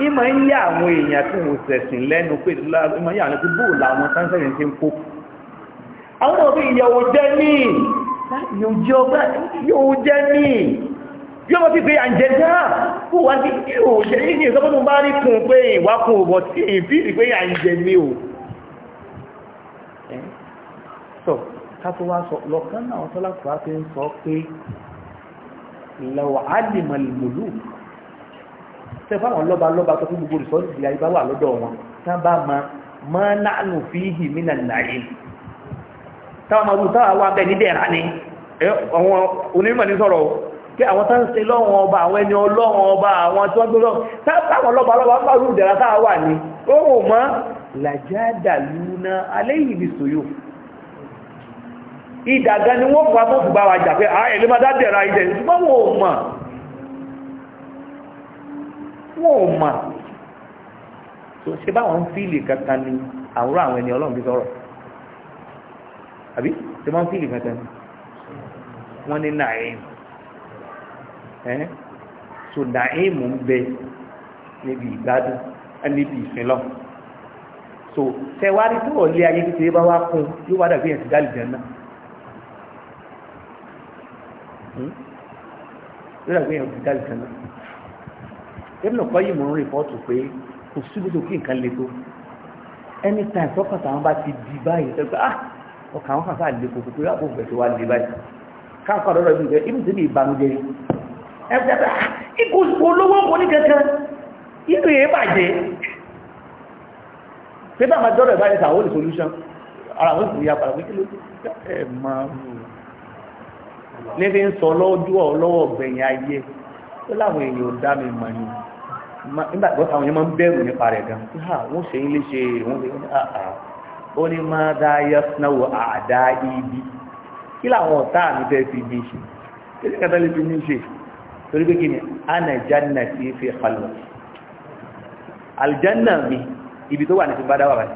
ìmọ̀ ń yá àwọn èèyàn tí wọ́n sẹ̀sìn lẹ́nu pé ìmọ̀ yá àwọn làwọn ti ń kó àwọn òbí ìyàwó jẹ́ ní yóò jẹ́ ní yóò kó wá sí ìhò ṣẹ̀yìn ní ìsọ́pọ̀ tó bá rí kún pé ìwá kún òbọ̀ tí ìfìdí pé à ń jẹ ní o sọ ká tó wá sọ lọ́kàn náà tọ́lápàá ti ń sọ pé lọ́wọ́ ádìmọ̀lùmọ̀lù tẹ fáwọn lọ́ba lọ́ba tó fún gbogbo rìsọ́ọ̀tì ìyá ibà wà lọ́dọ̀ wọn pé àwọn tó ń ṣe lọ́wọ́n ọba àwọn ẹni ọlọ́wọ́n ọba àwọn tó ń gbé lọ́wọ́ táwọn ọlọ́ba ọlọ́ba ń bá rú ìdára tá a wà ní òun ò mọ́ làjá dàlúná alẹ́ yìí bí sòyò ìdàgá ni wọ́n fà fún ìbáwà jà pé ààrẹ ah, ló máa dádẹ̀ra ìdẹ̀ ṣùgbọ́n wọn ò mọ̀ wọn ò mọ̀ tó ṣe báwọn ń fíìlì kankan ni àwòrán àwọn ẹni ọlọ́run fi sọ̀rọ̀ àbí ṣe máa ń fíìlì kankan ni wọ́n ní nàìjíríà ẹ́ so nàímù ń bẹ níbi ìgbádùn níbi ìfìnlọ so tẹwárí tó ọ̀lẹ́ ayé kékeré bá wá kún yóò wá dàbí ẹ̀sìn dálì jẹ́ náà hmm? yóò dàbí ẹ̀sìn dálì jẹ́ náà ẹ̀rọ kọ́ yìí mò ń rìpọ́tù pé kò síbi tó kí nǹkan le tó anytime tọ́kàn táwọn bá ti di báyìí tẹ́gbẹ́ ah ọkàn àwọn kan sáà le kòkòrò àbòfẹ́ tó ah, wá le báyìí káàkiri ọ̀rọ̀ ibi ìbànújẹ́ ẹgbẹ́ta ah, ikú olówó kò ní kẹ́kẹ́ inú èé bàjẹ́ pépà máa dọ́rọ̀ ìbáyé sàwọ́ ní solution ara wọ́n sì yá padà pé kí ló ẹ̀ máa rú níbi ń sọ lọ́jọ́ ọlọ́wọ́ gbẹ̀yìn ayé tó láwọn èèyàn ò dá mi mọ̀ ni nígbàgbọ́ àwọn èèyàn máa ń bẹ̀rù nípa rẹ̀ gan ha ah, wọ́n ṣe ń lè ṣe wọ́n lè ní àà ó ní máa dá yẹ́sìnáwó àdá torí pé kí ni ana janna ti fi xalwa aljanna mi ibi tó wà ní ti bá dá wà báyìí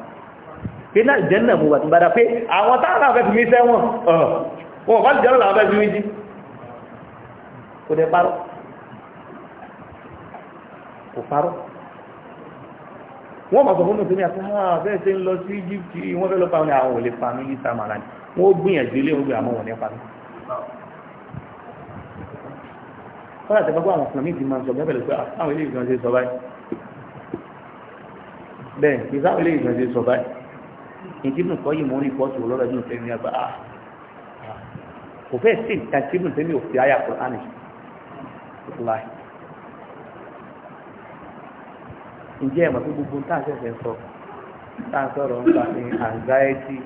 pé náà aljanna mo wà ti bá dá pé àwọn táwọn afẹ́ fi mi sẹ́wọ̀n wọn bá aljanna làwọn afẹ́ fi mi jí kò dé parọ́ kò parọ́ wọ́n máa sọ fún mùsùlùmí ah, sí Egypt wọ́n àwọn olè kọ́lá tẹ́ gbogbo àwọn ọ̀sán mi ti máa sọ bẹ́ẹ̀ pẹ̀lú pé àwọn ah, ilé ìgbọ̀n ṣe sọ báyìí bẹ́ẹ̀ kì í sáwọn ilé ìgbọ̀n ṣe sọ báyìí ìdíbùn kọ́ yìí mọ́ ní pọ́ọ̀tù ọlọ́dọ̀ ní ìfẹ́ ah, mi ah, àgbà á kò fẹ́ sí ìta ìdíbùn tẹ́mi ò fi àyà kùránì láì ǹjẹ́ ẹ̀mọ̀ tó gbogbo tá à ṣẹ̀ṣẹ̀ sọ tá à sọ̀rọ̀ nípa ní anxiety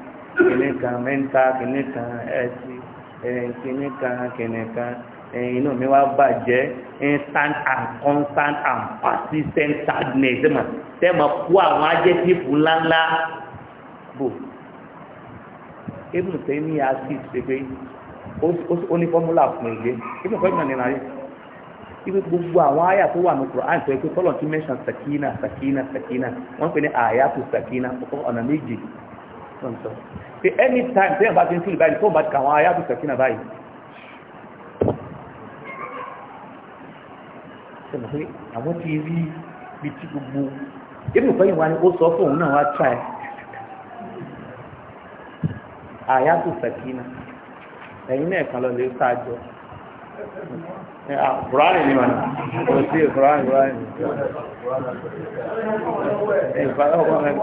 kìnìkan mental kìnìkan ẹ̀sì kìnìkan kìnìkan inú mi wá bàjẹ́ instant and constant and persistent sadness ẹ̀ mà tẹ́ mà kú àwọn ajẹ́tìfù ńláńlá bò ibùn tẹ́ ní acid ṣe pé ó ní fọ́múlà fún ilé ibùn fẹ́ mọ̀ nínú ayé ibi gbogbo àwọn àyà tó wà ní Quran sọ pé tọ́lọ̀ tí mẹ́sàn sakina sakina sakina wọ́n pè ní àyà tó sakina ọ̀nà méjì pé anytime tẹ́yìn bá ti ń fún ìbáyìí tó bá ti kà àwọn àyà tó sakina báyìí sọ̀rọ̀ pé àwọn ti rí ibi tí gbogbo ebi ìfẹ́ yìí wá ní ó sọ fún òun náà wá tíra ẹ̀ àyà tó fẹ̀kí náà ẹ̀yin náà kan lọ lè ká jọ Buhari ni wọn kò sí Buhari Buhari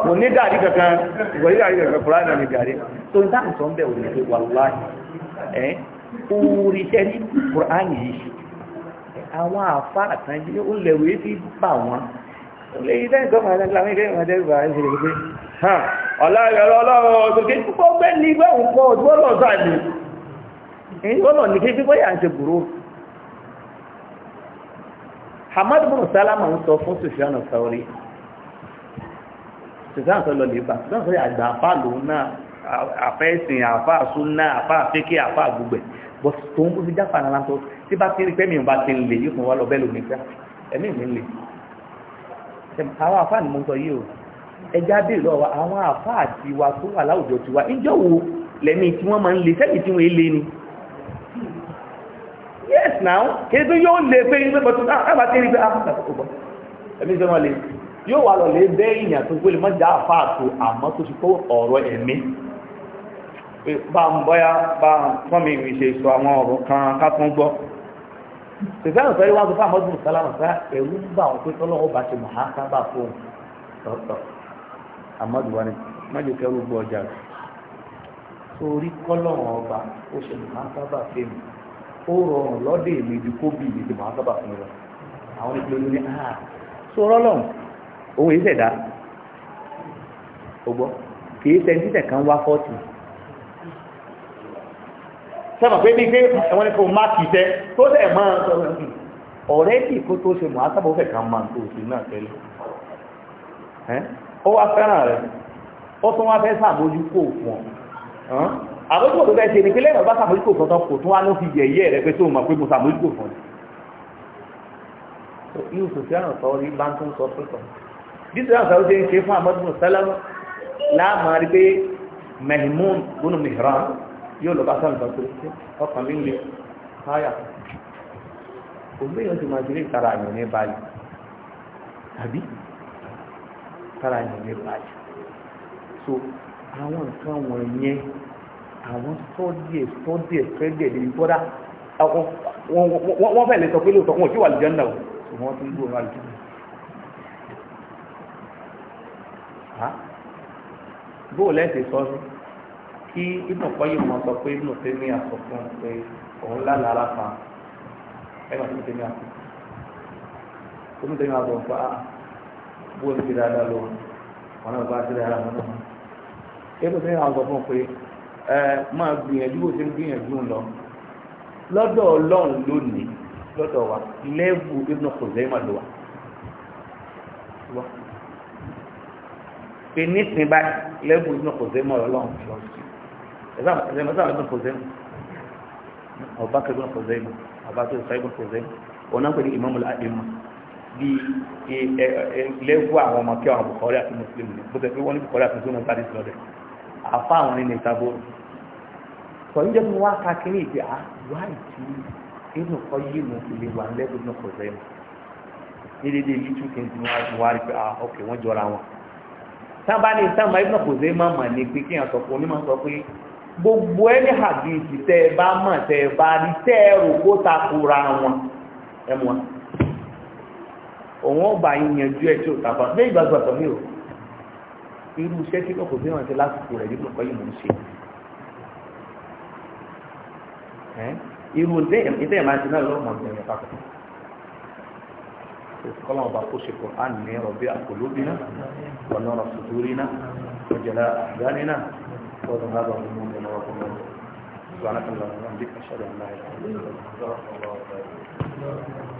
kò ní gàrí kankan kò ní gàrí kankan Buhari ni ní gàrí tó ń dáhùn sọ ń bẹ̀ wò ní pé wàláhì ẹ̀ orí sẹ́ni yìí àwọn àfáà kan jí ó lẹ̀wé tí bà wọ́n léyìn tẹ́yìn tó máa tẹ́lá méjì máa tẹ́lá bàá ṣe lè pé ọ̀làyọ̀rọ̀ ọlọ́rọ̀ òṣèké púpọ̀ gbé ní ìgbẹ́ òun pọ̀ ojú ọ̀nà sáàdì èyí ọ̀nà ní kí pípọ́ yà ń ṣe gbòrò Hamad bin Salama ń sọ fún Sufyan Sauri Sufyan sọ lọ lè bá Sufyan sọ àgbà àfà lòun náà àfẹ́ ìsìn àfà súnà àfà fẹ́kẹ́ àfà gbogbo tí bá ti rí pẹ́mi ìbá ti ń lè yóò fún wa lọ bẹ́ẹ̀ lómi fẹ́ ẹ̀mí mi ń lè àwọn àfáà ni mo sọ yìí o ẹja dé lọ́wọ́ àwọn àfáà tiwa tó wà láwùjọ tiwa níjọ́ wo lẹ́mí tí wọ́n máa ń lè sẹ́yìn tí wọ́n lè ni yes now kéde yóò lè pé ní pẹ́pẹ́ tó àbá ti rí pé ah, ah, àbúkà tó bọ́ ẹ̀mí sọ wọn lè yóò wà lọ lè bẹ́ ìyàn tó gbé lè má já àfáà tó àmọ́ tó ti kó ọ̀rọ̀ ẹ̀mí bá ń bọ́yá bá ń fọ́n mi ìrìnsè sọ àwọn ọ̀rọ̀ kan ká tún gbọ́ sèkánù sọ yìí wá sọ fún amadu musalama sá bá pé bá ti amadu wa májò kẹrù ọjà torí ọba ó ṣe mọ̀há sábà fún mi ó rọrùn lọ́dẹ̀ èmi ju kóbì mi ti fún mi lọ àwọn ní ah, òun yìí kì í ní sẹ́mọ̀ pé bí pé ẹwọ́n ní kò má kì í tẹ́ tó tẹ̀ mọ́ ọ̀rẹ́ kì kó tó ṣe mọ̀ ásábọ̀ fẹ́ kan máa tó ṣe náà tẹ́lẹ̀ ó wá fẹ́ràn rẹ̀ ó tún wá fẹ́ sàmójúkò fún ọ àbójúkò tó fẹ́ ṣe ni pé lẹ́yìn ọba sàmójúkò fún ọ kò tún wá ló fi yẹ̀yẹ́ rẹ̀ pé tó mọ̀ pé mo sàmójúkò fún ọ yóò sòsì àrùn sọ rí bá ń tún sọ pé kọ jíjẹ àrùn sọ ṣe ṣe fún yóò lọ bá sáǹtà pé ọkàn mi lè háyà òbí yóò ti máa ti rí ìtara àyàn ní balẹ̀ tàbí ìtara àyàn ní balẹ̀ so àwọn nǹkan wọ̀nyẹn àwọn sọ́díẹ̀ sọ́díẹ̀ sọ́díẹ̀ lè gbọ́dá wọ́n fẹ́ lè sọ pé lóòótọ́ wọn ò tí wà lìjọ́ náà ṣùgbọ́n wọ́n ti ń gbòòrò àlùjọ́ bóò lẹ́sẹ̀ sọ sí tí ibùn kọ́yìn mọ̀ sọ pé ibùn tẹ́mi àsọ fún un pé òun lálàá láfa ẹ̀ máa tún tẹ́mi àsọ fún un tẹ́mi àsọ fún un bó ti dáadáa lọ wọn náà bá ti dáadáa wọn náà ibùn tẹ́mi àsọ fún un pé ẹ máa gbìyànjú bó ti ń gbìyànjú lọ lọ́dọ̀ ọlọ́run lónìí lọ́dọ̀ wa lẹ́bù ibùn kò zẹ́ máa lọ wa pé nísìnyí báyìí lẹ́bù ibùn kò zẹ́ máa lọ́wọ́ lọ́wọ́ ẹ̀sán ẹ̀bùn fòzẹ́mù ọba kẹgbọ́n fòzẹ́mù ọba tó sọ́ẹ̀bùn fòzẹ́mù ọ̀nà pẹ̀lú ìmọ̀mù àdìmọ̀ bí lẹ́gbọ́ àwọn ọmọ kí àwọn bukọ́rí àti mùsùlùmí ni bó tẹ́ pé wọ́n ní bukọ́rí àti mùsùlùmí bá dé sílọ́dẹ̀ àfa àwọn nínú ìtàbọ̀rọ̀ sọ yíjẹ́ mi wá ká kiri ìgbé à wá ìtú inú kọ́ yí mu ìlè wà lẹ́gbẹ̀ẹ́ náà kò sẹ́yìn ní dédé yìí tún kí n ti wá rí pé à ah, ok wọ́n jọra wọn sábà ní sábà ibùdó kò sẹ́yìn máa mà ní pé kí n sọ pé onímọ̀ sọ pé gbogbo ẹni hadithi tẹ́ ẹ bá mọ̀ tẹ́ ẹ bá rí tẹ́ ẹ rò kó takora wọn ẹ mọ̀ òun ọba yín yanjú ẹ tí ò tàbá ní ìgbà gbàgbọ́ mi ò irú iṣẹ́ tí kòkò bí wọ́n ti lásìkò rẹ̀ nípa ọ̀pọ̀ yìí mò ń ṣe irú ìdẹ́ ìmáà ti náà lọ́mọ ìgbẹ̀rẹ̀ papọ̀ kọ́lá ọba kó ṣe kọ́ á nìyẹn rọ̀bí àkọlóbìnrin ọ̀nà ọ̀sùn tó náà ọ̀jẹ̀lá àgbáni náà وقالوا هذا ظلم لنا وكنا سبحانك اللهم وبحمدك اشهد ان لا اله الا انت استغفرك الله واتوب اليك